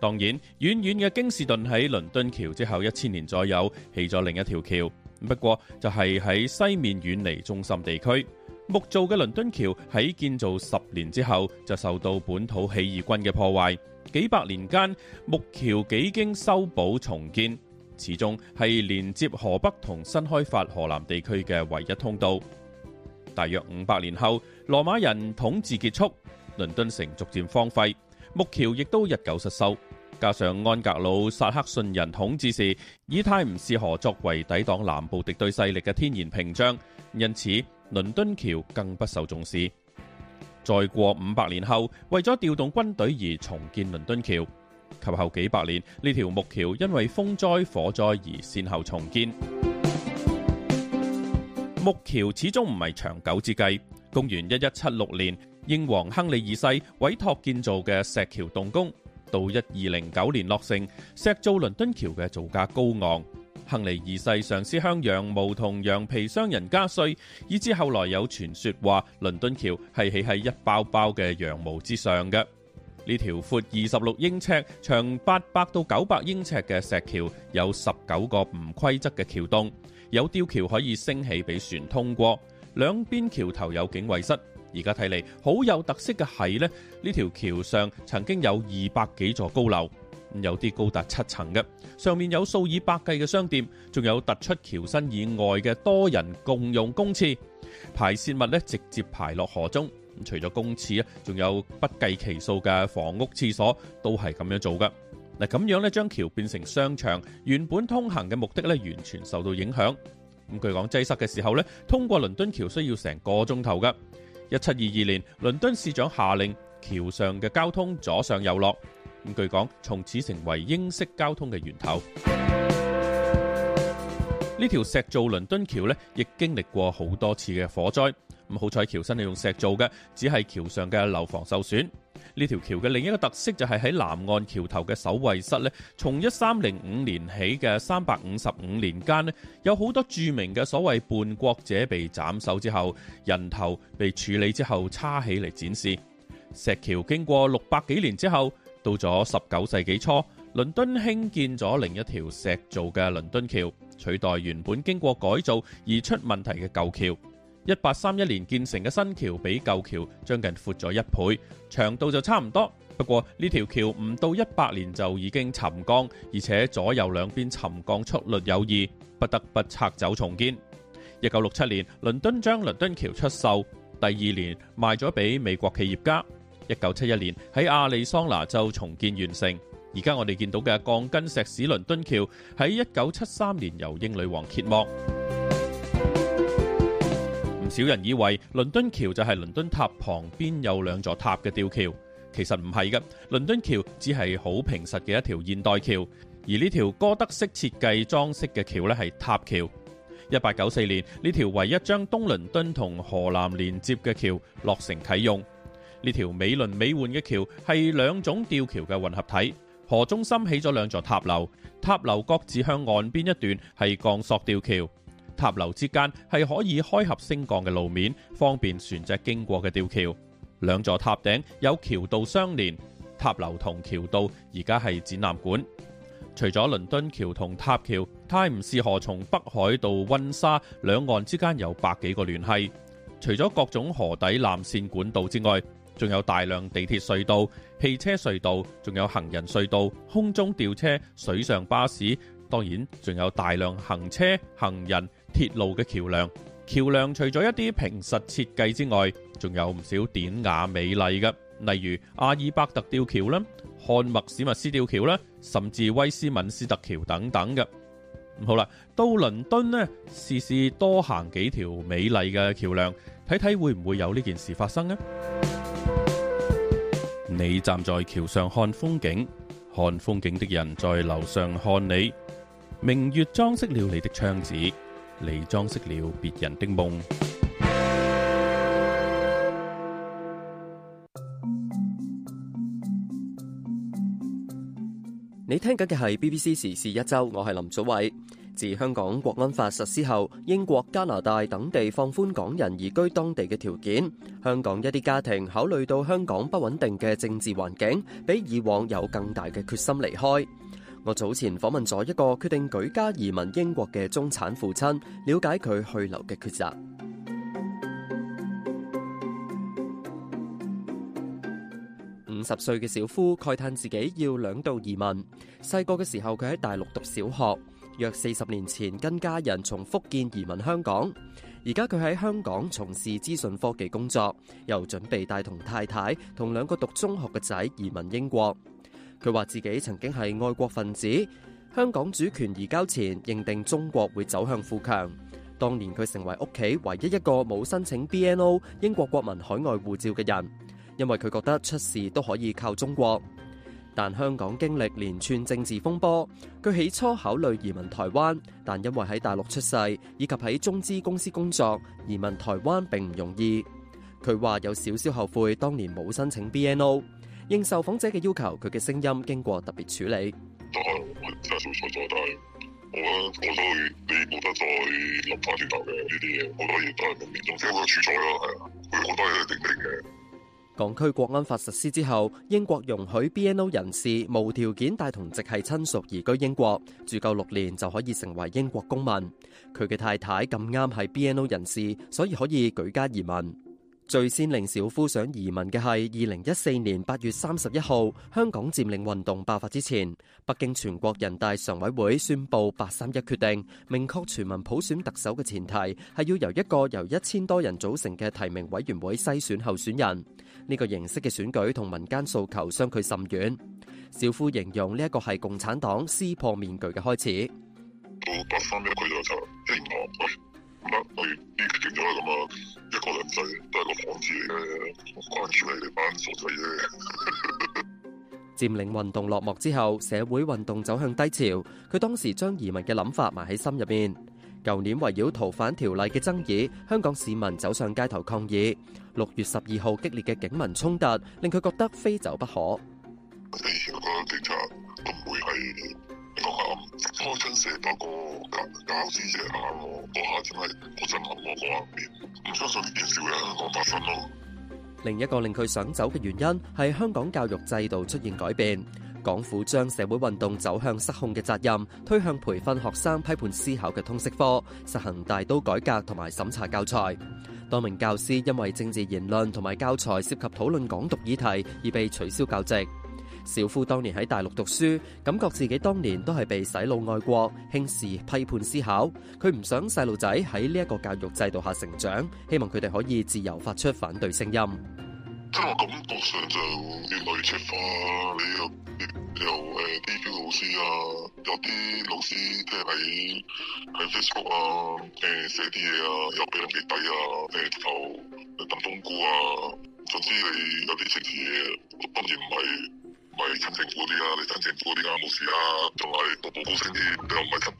當然，遠遠嘅京士頓喺倫敦橋之後一千年左右起咗另一條橋，不過就係喺西面遠離中心地區。木造嘅倫敦橋喺建造十年之後就受到本土起義軍嘅破壞，幾百年間木橋幾經修補重建，始終係連接河北同新開發河南地區嘅唯一通道。大約五百年後，羅馬人統治結束，倫敦城逐漸荒廢，木橋亦都日久失修。加上安格魯撒克遜人統治時，以泰晤士河作為抵擋南部敵對勢力嘅天然屏障。因此，倫敦橋更不受重視。再過五百年後，為咗調動軍隊而重建倫敦橋。及後幾百年，呢條木橋因為風災、火災而先後重建。 (music) 木橋始終唔係長久之計。公元一一七六年，英皇亨利二世委託建造嘅石橋動工，到一二零九年落成。石造倫敦橋嘅造價高昂。亨利二世嘗試向羊毛同羊皮商人加稅，以至後來有傳說話，倫敦橋係起喺一包包嘅羊毛之上嘅。呢條闊二十六英尺、長八百到九百英尺嘅石橋，有十九個唔規則嘅橋洞，有吊橋可以升起俾船通過，兩邊橋頭有警衛室。而家睇嚟，好有特色嘅係咧，呢條橋上曾經有二百幾座高樓。有啲高達七層嘅，上面有數以百計嘅商店，仲有突出橋身以外嘅多人共用公廁，排泄物咧直接排落河中。除咗公廁啊，仲有不計其數嘅房屋廁所都係咁樣做嘅。嗱，咁樣呢，將橋變成商場，原本通行嘅目的咧完全受到影響。咁據講擠塞嘅時候呢，通過倫敦橋需要成個鐘頭嘅。一七二二年，倫敦市長下令橋上嘅交通左上右落。咁據講，從此成為英式交通嘅源頭。呢條石造倫敦橋呢，亦經歷過好多次嘅火災。咁好彩，橋身係用石造嘅，只係橋上嘅樓房受損。呢條橋嘅另一個特色就係喺南岸橋頭嘅守衛室呢，從一三零五年起嘅三百五十五年間咧，有好多著名嘅所謂叛國者被斬首之後，人頭被處理之後叉起嚟展示。石橋經過六百幾年之後。到咗十九世紀初，倫敦興建咗另一條石造嘅倫敦橋，取代原本經過改造而出問題嘅舊橋。一八三一年建成嘅新橋比舊橋將近闊咗一倍，長度就差唔多。不過呢條橋唔到一百年就已經沉降，而且左右兩邊沉降速率有異，不得不拆走重建。一九六七年，倫敦將倫敦橋出售，第二年賣咗俾美國企業家。一九七一年喺亞利桑拿州重建完成，而家我哋見到嘅鋼筋石屎倫敦橋喺一九七三年由英女王揭幕。唔 (music) 少人以為倫敦橋就係倫敦塔旁邊有兩座塔嘅吊橋，其實唔係嘅。倫敦橋只係好平實嘅一條現代橋，而呢條哥德式設計裝飾嘅橋呢係塔橋。一八九四年，呢條唯一將東倫敦同河南連接嘅橋落成啟用。呢條美輪美奐嘅橋係兩種吊橋嘅混合體，河中心起咗兩座塔樓，塔樓各自向岸邊一段係鋼索吊橋，塔樓之間係可以開合升降嘅路面，方便船隻經過嘅吊橋。兩座塔頂有橋道相連，塔樓同橋道而家係展覽館。除咗倫敦橋同塔橋，泰晤士河從北海到温莎兩岸之間有百幾個聯繫，除咗各種河底纜線管道之外。仲有大量地鐵隧道、汽車隧道，仲有行人隧道、空中吊車、水上巴士，當然仲有大量行車、行人鐵路嘅橋樑。橋樑除咗一啲平實設計之外，仲有唔少典雅美麗嘅，例如阿爾伯特吊橋啦、漢默史密斯吊橋啦，甚至威斯敏斯特橋等等嘅。咁好啦，到倫敦呢，試試多行幾條美麗嘅橋樑，睇睇會唔會有呢件事發生呢。你站在橋上看風景，看風景的人在樓上看你。明月裝飾了你的窗子，你裝飾了別人的夢。你聽緊嘅係 BBC 時事一周，我係林祖偉。自香港國安法實施後，英國、加拿大等地放寬港人移居當地嘅條件。香港一啲家庭考慮到香港不穩定嘅政治環境，比以往有更大嘅決心離開。我早前訪問咗一個決定舉家移民英國嘅中產父親，了解佢去留嘅抉擇。五十歲嘅小夫慨嘆自己要兩度移民。細個嘅時候，佢喺大陸讀小學。約四十年前，跟家人從福建移民香港，而家佢喺香港從事資訊科技工作，又準備帶同太太同兩個讀中學嘅仔移民英國。佢話自己曾經係愛國分子，香港主權移交前認定中國會走向富強。當年佢成為屋企唯一一個冇申請 BNO 英國國民海外護照嘅人，因為佢覺得出事都可以靠中國。但香港經歷連串政治風波，佢起初考慮移民台灣，但因為喺大陸出世以及喺中資公司工作，移民台灣並唔容易。佢話有少少後悔當年冇申請 BNO。應受訪者嘅要求，佢嘅聲音經過特別處理。 (noise) (noise) 港區國安法實施之後，英國容許 BNO 人士無條件帶同直系親屬移居英國，住夠六年就可以成為英國公民。佢嘅太太咁啱係 BNO 人士，所以可以舉家移民。最先令小夫想移民嘅係二零一四年八月三十一號香港佔領運動爆發之前，北京全國人大常委會宣布八三一決定，明確全民普選特首嘅前提係要由一個由一千多人組成嘅提名委員會篩選候選人。呢個形式嘅選舉同民間訴求相距甚遠。小夫形容呢一個係共產黨撕破面具嘅開始。我三秒佢就查，正常，唔得，佢呢條警咗啦咁啊，一國兩制都係個幌子嚟嘅，關住你哋班傻仔嘢。佔領運動落幕之後，社會運動走向低潮。佢當時將移民嘅諗法埋喺心入邊。舊年圍繞逃犯條例嘅爭議，香港市民走上街頭抗議。六月十二號激烈嘅警民衝突令佢覺得非走不可。我哋以前覺得警察唔會係咁慘，開槍射不過，夾夾先射下，嗰下真係我真係冇見過面，唔相信呢件事會喺香港發生咯。另一個令佢想走嘅原因係香港教育制度出現改變，港府將社會運動走向失控嘅責任推向培訓學生批判思考嘅通識科，實行大刀改革同埋審查教材。多名教師因為政治言論同埋教材涉及討論港獨議題，而被取消教職。小夫當年喺大陸讀書，感覺自己當年都係被洗腦愛國，輕視批判思考。佢唔想細路仔喺呢一個教育制度下成長，希望佢哋可以自由發出反對聲音。即係我感覺上就越嚟越出花，你又有，誒啲啲老師啊，有啲老師即係喺喺 Facebook 啊誒寫啲嘢啊，有俾人記低啊誒就燉冬菇啊，總、呃、之、啊、你有啲識字嘢當然唔係。咪親政府啲啊！你親政府啲啊，冇事啊！仲係步步高升啲，你又唔係親，呢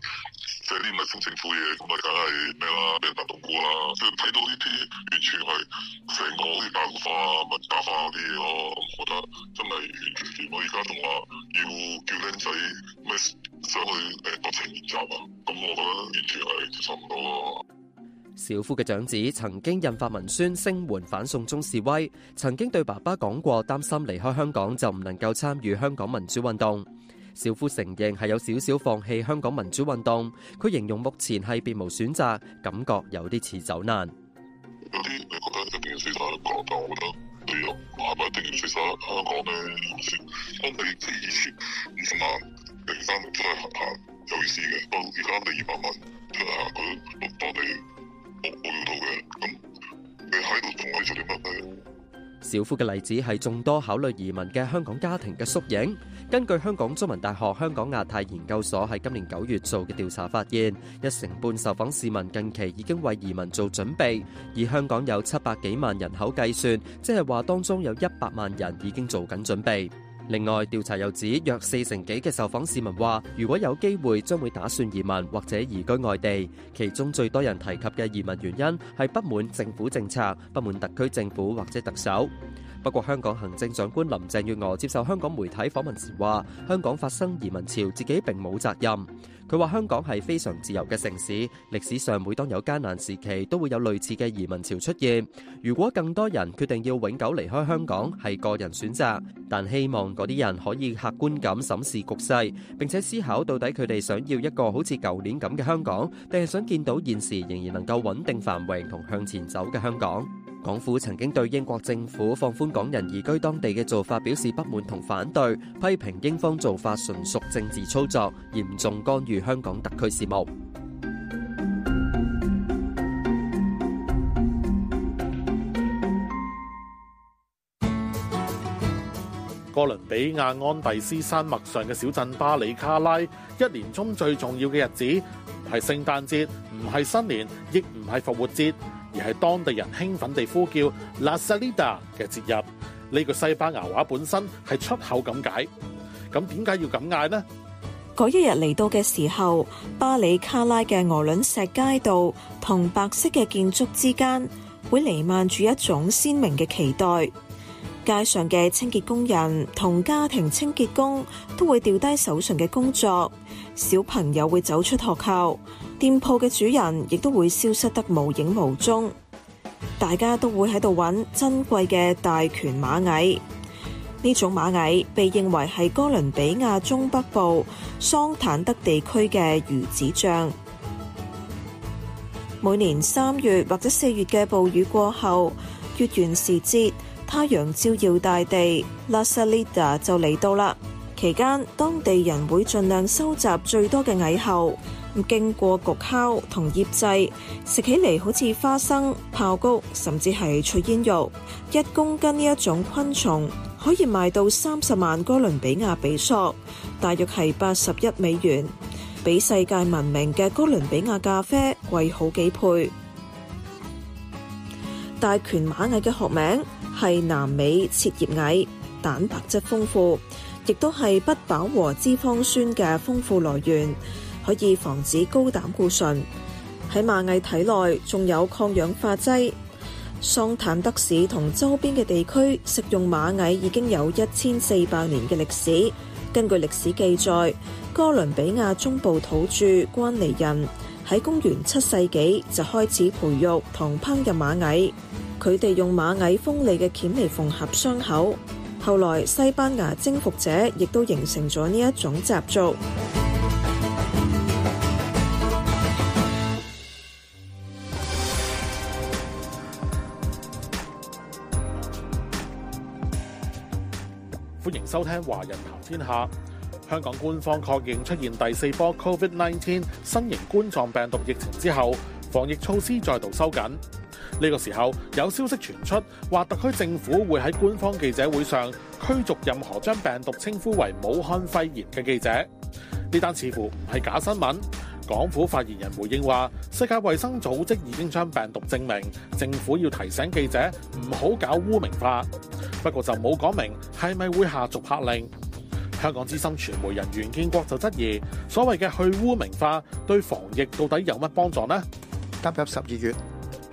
啲唔係親政府嘅嘢，咁咪梗係咩啦？亂彈動步啦！即係睇到呢啲，完全係成個好似爆花啊、民甲花嗰啲嘢咯。我覺得真係完全掂咯。而家仲話要叫靚仔咩想去誒國情研習啊？咁我覺得完全係接受唔到啊！小夫嘅長子曾經印發文宣聲援反送中示威，曾經對爸爸講過擔心離開香港就唔能夠參與香港民主運動。小夫承認係有少少放棄香港民主運動，佢形容目前係別無選擇，感覺有啲似走難。有啲你覺得一定要死晒香港，但係我覺得你又係咪一定要死晒香港咧？因為即係以前五百萬第三都係核彈有意思嘅，到而家第二百萬都係佢當地。小夫嘅例子係眾多考慮移民嘅香港家庭嘅縮影。根據香港中文大學香港亞太研究所喺今年九月做嘅調查發現，一成半受訪市民近期已經為移民做準備，而香港有七百幾萬人口計算，即係話當中有一百萬人已經做緊準備。另外，調查又指約四成幾嘅受訪市民話，如果有機會，將會打算移民或者移居外地，其中最多人提及嘅移民原因係不滿政府政策、不滿特區政府或者特首。不過香港行政長官林鄭月娥接受香港媒體訪問時話，香港發生移民潮自己並冇責任。佢話香港係非常自由嘅城市，歷史上每當有艱難時期都會有類似嘅移民潮出現。如果更多人決定要永久離開香港，係個人選擇。但希望嗰啲人可以客觀咁，審視局勢，並且思考到底佢哋想要一個好似舊年咁嘅香港，定係想見到現時仍然能夠穩定繁榮同向前走嘅香港。港府曾經對英國政府放寬港人移居當地嘅做法表示不滿同反對，批評英方做法純屬政治操作，嚴重干預香港特區事務。哥倫比亞安第斯山脈上嘅小鎮巴里卡拉，一年中最重要嘅日子係聖誕節，唔係新年，亦唔係復活節。而係當地人興奮地呼叫 La Salida 嘅節日，呢個西班牙話本身係出口咁解。咁點解要咁嗌呢？嗰一日嚟到嘅時候，巴里卡拉嘅鵝卵石街道同白色嘅建築之間，會瀰漫住一種鮮明嘅期待。街上嘅清潔工人同家庭清潔工都會掉低手上嘅工作，小朋友會走出學校。店鋪嘅主人亦都會消失得無影無蹤，大家都會喺度揾珍貴嘅大拳螞蟻。呢種螞蟻被認為係哥倫比亞中北部桑坦德地區嘅魚子醬。每年三月或者四月嘅暴雨過後，月圓時節，太陽照耀大地，La Salida 就嚟到啦。期間，當地人會盡量收集最多嘅蟻后。經過焗烤同醃製，食起嚟好似花生、爆谷，甚至係脆煙肉。一公斤呢一種昆蟲可以賣到三十萬哥倫比亞比索，大約係八十一美元，比世界聞名嘅哥倫比亞咖啡貴好幾倍。 (noise) 大權螞蟻嘅學名係南美切葉蟻，蛋白質豐富，亦都係不飽和脂肪酸嘅豐富來源。可以防止高膽固醇。喺螞蟻體內仲有抗氧化劑。桑坦德市同周邊嘅地區食用螞蟻已經有一千四百年嘅歷史。根據歷史記載，哥倫比亞中部土著關尼人喺公元七世紀就開始培育同烹飪螞蟻。佢哋用螞蟻鋒利嘅鉗嚟縫合傷口。後來西班牙征服者亦都形成咗呢一種習俗。收聽華人談天下。香港官方確認出現第四波 COVID-19 新型冠狀病毒疫情之後，防疫措施再度收緊。呢個時候有消息傳出，話特區政府會喺官方記者會上驅逐任何將病毒稱呼為武漢肺炎嘅記者。呢單似乎唔係假新聞。港府發言人回應話：世界衛生組織已經將病毒證明，政府要提醒記者唔好搞污名化。不過就冇講明係咪會下逐客令。香港資深傳媒人袁建國就質疑：所謂嘅去污名化對防疫到底有乜幫助呢？踏入十二月，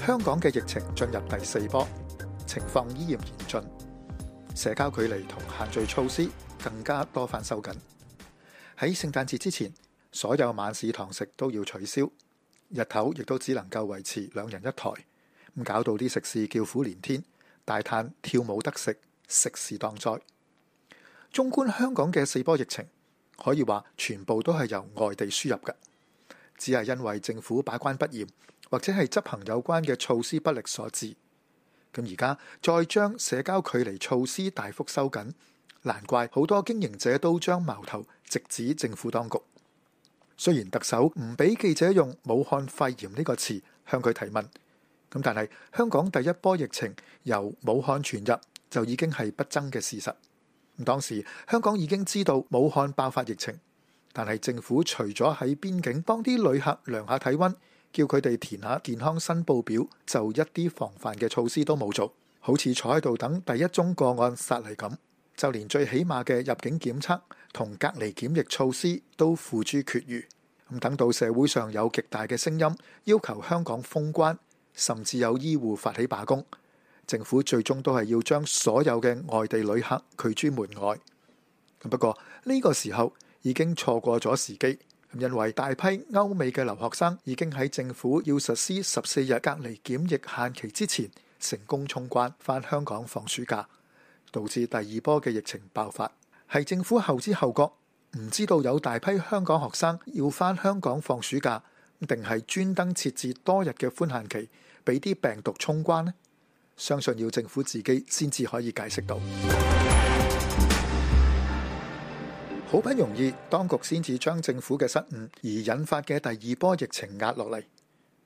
香港嘅疫情進入第四波，情況依然嚴峻，社交距離同限聚措施更加多番收緊。喺聖誕節之前，所有晚市堂食都要取消，日頭亦都只能夠維持兩人一台，咁搞到啲食肆叫苦連天，大嘆跳舞得食食肆當災。縱觀香港嘅四波疫情，可以話全部都係由外地輸入嘅，只係因為政府把關不嚴或者係執行有關嘅措施不力所致。咁而家再將社交距離措施大幅收緊，難怪好多經營者都將矛頭直指政府當局。雖然特首唔俾記者用武漢肺炎呢個詞向佢提問，咁但係香港第一波疫情由武漢傳入就已經係不爭嘅事實。咁當時香港已經知道武漢爆發疫情，但係政府除咗喺邊境幫啲旅客量下體温，叫佢哋填下健康申報表，就一啲防範嘅措施都冇做，好似坐喺度等第一宗個案殺嚟咁，就連最起碼嘅入境檢測同隔離檢疫措施都付諸闕如，咁等到社會上有極大嘅聲音要求香港封關，甚至有醫護發起罷工，政府最終都係要將所有嘅外地旅客拒諸門外。不過呢個時候已經錯過咗時機，因為大批歐美嘅留學生已經喺政府要實施十四日隔離檢疫限期之前成功衝關返香港放暑假，導致第二波嘅疫情爆發。係政府後知後覺，唔知道有大批香港學生要返香港放暑假，定係專登設置多日嘅寬限期俾啲病毒衝關呢？相信要政府自己先至可以解釋到。好不容易當局先至將政府嘅失誤而引發嘅第二波疫情壓落嚟，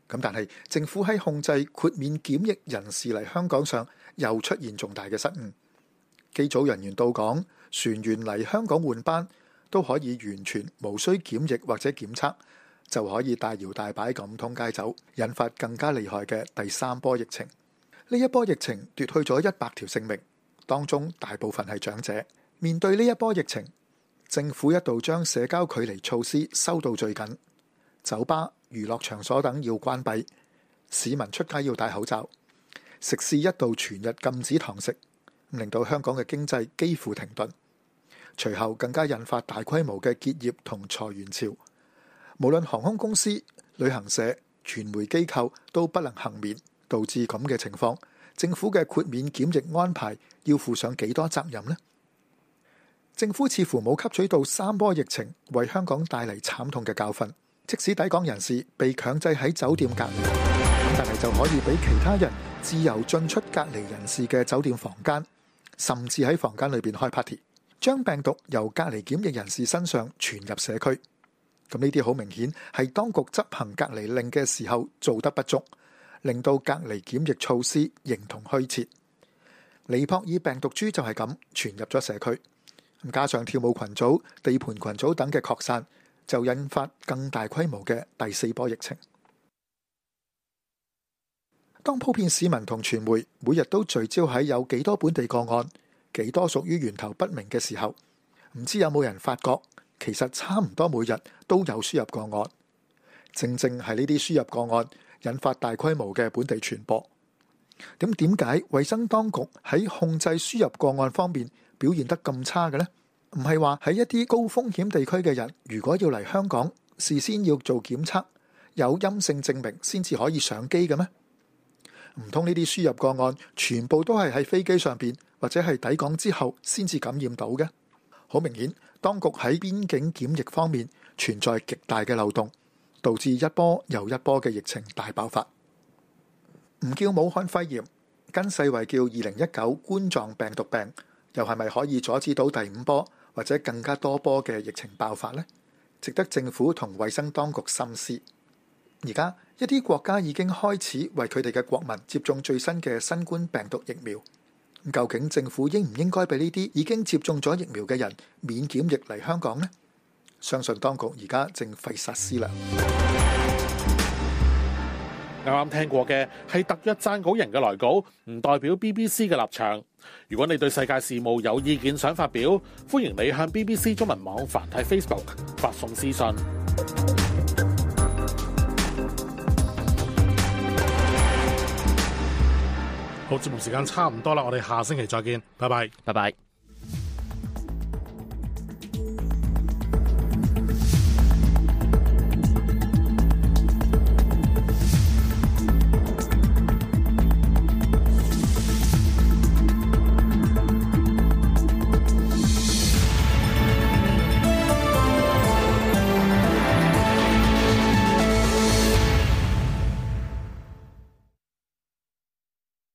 咁但係政府喺控制豁免檢疫人士嚟香港上又出現重大嘅失誤，機組人員到港，船員嚟香港換班都可以完全無需檢疫或者檢測就可以大搖大擺咁通街走，引發更加厲害嘅第三波疫情。呢一波疫情奪去咗一百條性命，當中大部分係長者。面對呢一波疫情，政府一度將社交距離措施收到最緊，酒吧、娛樂場所等要關閉，市民出街要戴口罩，食肆一度全日禁止堂食，令到香港嘅經濟幾乎停頓。隨後更加引發大規模嘅結業同裁員潮，無論航空公司、旅行社、傳媒機構都不能幸免。導致咁嘅情況，政府嘅豁免檢疫安排要負上幾多責任呢？政府似乎冇吸取到三波疫情為香港帶嚟慘痛嘅教訓，即使抵港人士被強制喺酒店隔離，但係就可以俾其他人自由進出隔離人士嘅酒店房間，甚至喺房間裏邊開 party。將病毒由隔離檢疫人士身上傳入社區，咁呢啲好明顯係當局執行隔離令嘅時候做得不足，令到隔離檢疫措施形同虛設。尼泊爾病毒株就係咁傳入咗社區，加上跳舞群組、地盤群組等嘅擴散，就引發更大規模嘅第四波疫情。當普遍市民同傳媒每日都聚焦喺有幾多本地個案，幾多屬於源頭不明嘅時候，唔知有冇人發覺，其實差唔多每日都有輸入個案，正正係呢啲輸入個案引發大規模嘅本地傳播。咁點解衛生當局喺控制輸入個案方面表現得咁差嘅呢？唔係話喺一啲高風險地區嘅人如果要嚟香港，事先要做檢測，有陰性證明先至可以上機嘅咩？唔通呢啲輸入個案全部都係喺飛機上邊？或者係抵港之後先至感染到嘅，好明顯，當局喺邊境檢疫方面存在極大嘅漏洞，導致一波又一波嘅疫情大爆發。唔叫武漢肺炎，跟世衛叫二零一九冠狀病毒病，又係咪可以阻止到第五波或者更加多波嘅疫情爆發呢？值得政府同衛生當局深思。而家一啲國家已經開始為佢哋嘅國民接種最新嘅新冠病毒疫苗。究竟政府應唔應該俾呢啲已經接種咗疫苗嘅人免檢疫嚟香港呢？相信當局而家正費煞思量。啱啱聽過嘅係特約撰稿人嘅來稿，唔代表 BBC 嘅立場。如果你對世界事務有意見想發表，歡迎你向 BBC 中文網繁體 Facebook 發送私信。節目時間差唔多啦，我哋下星期再見，拜拜，拜拜。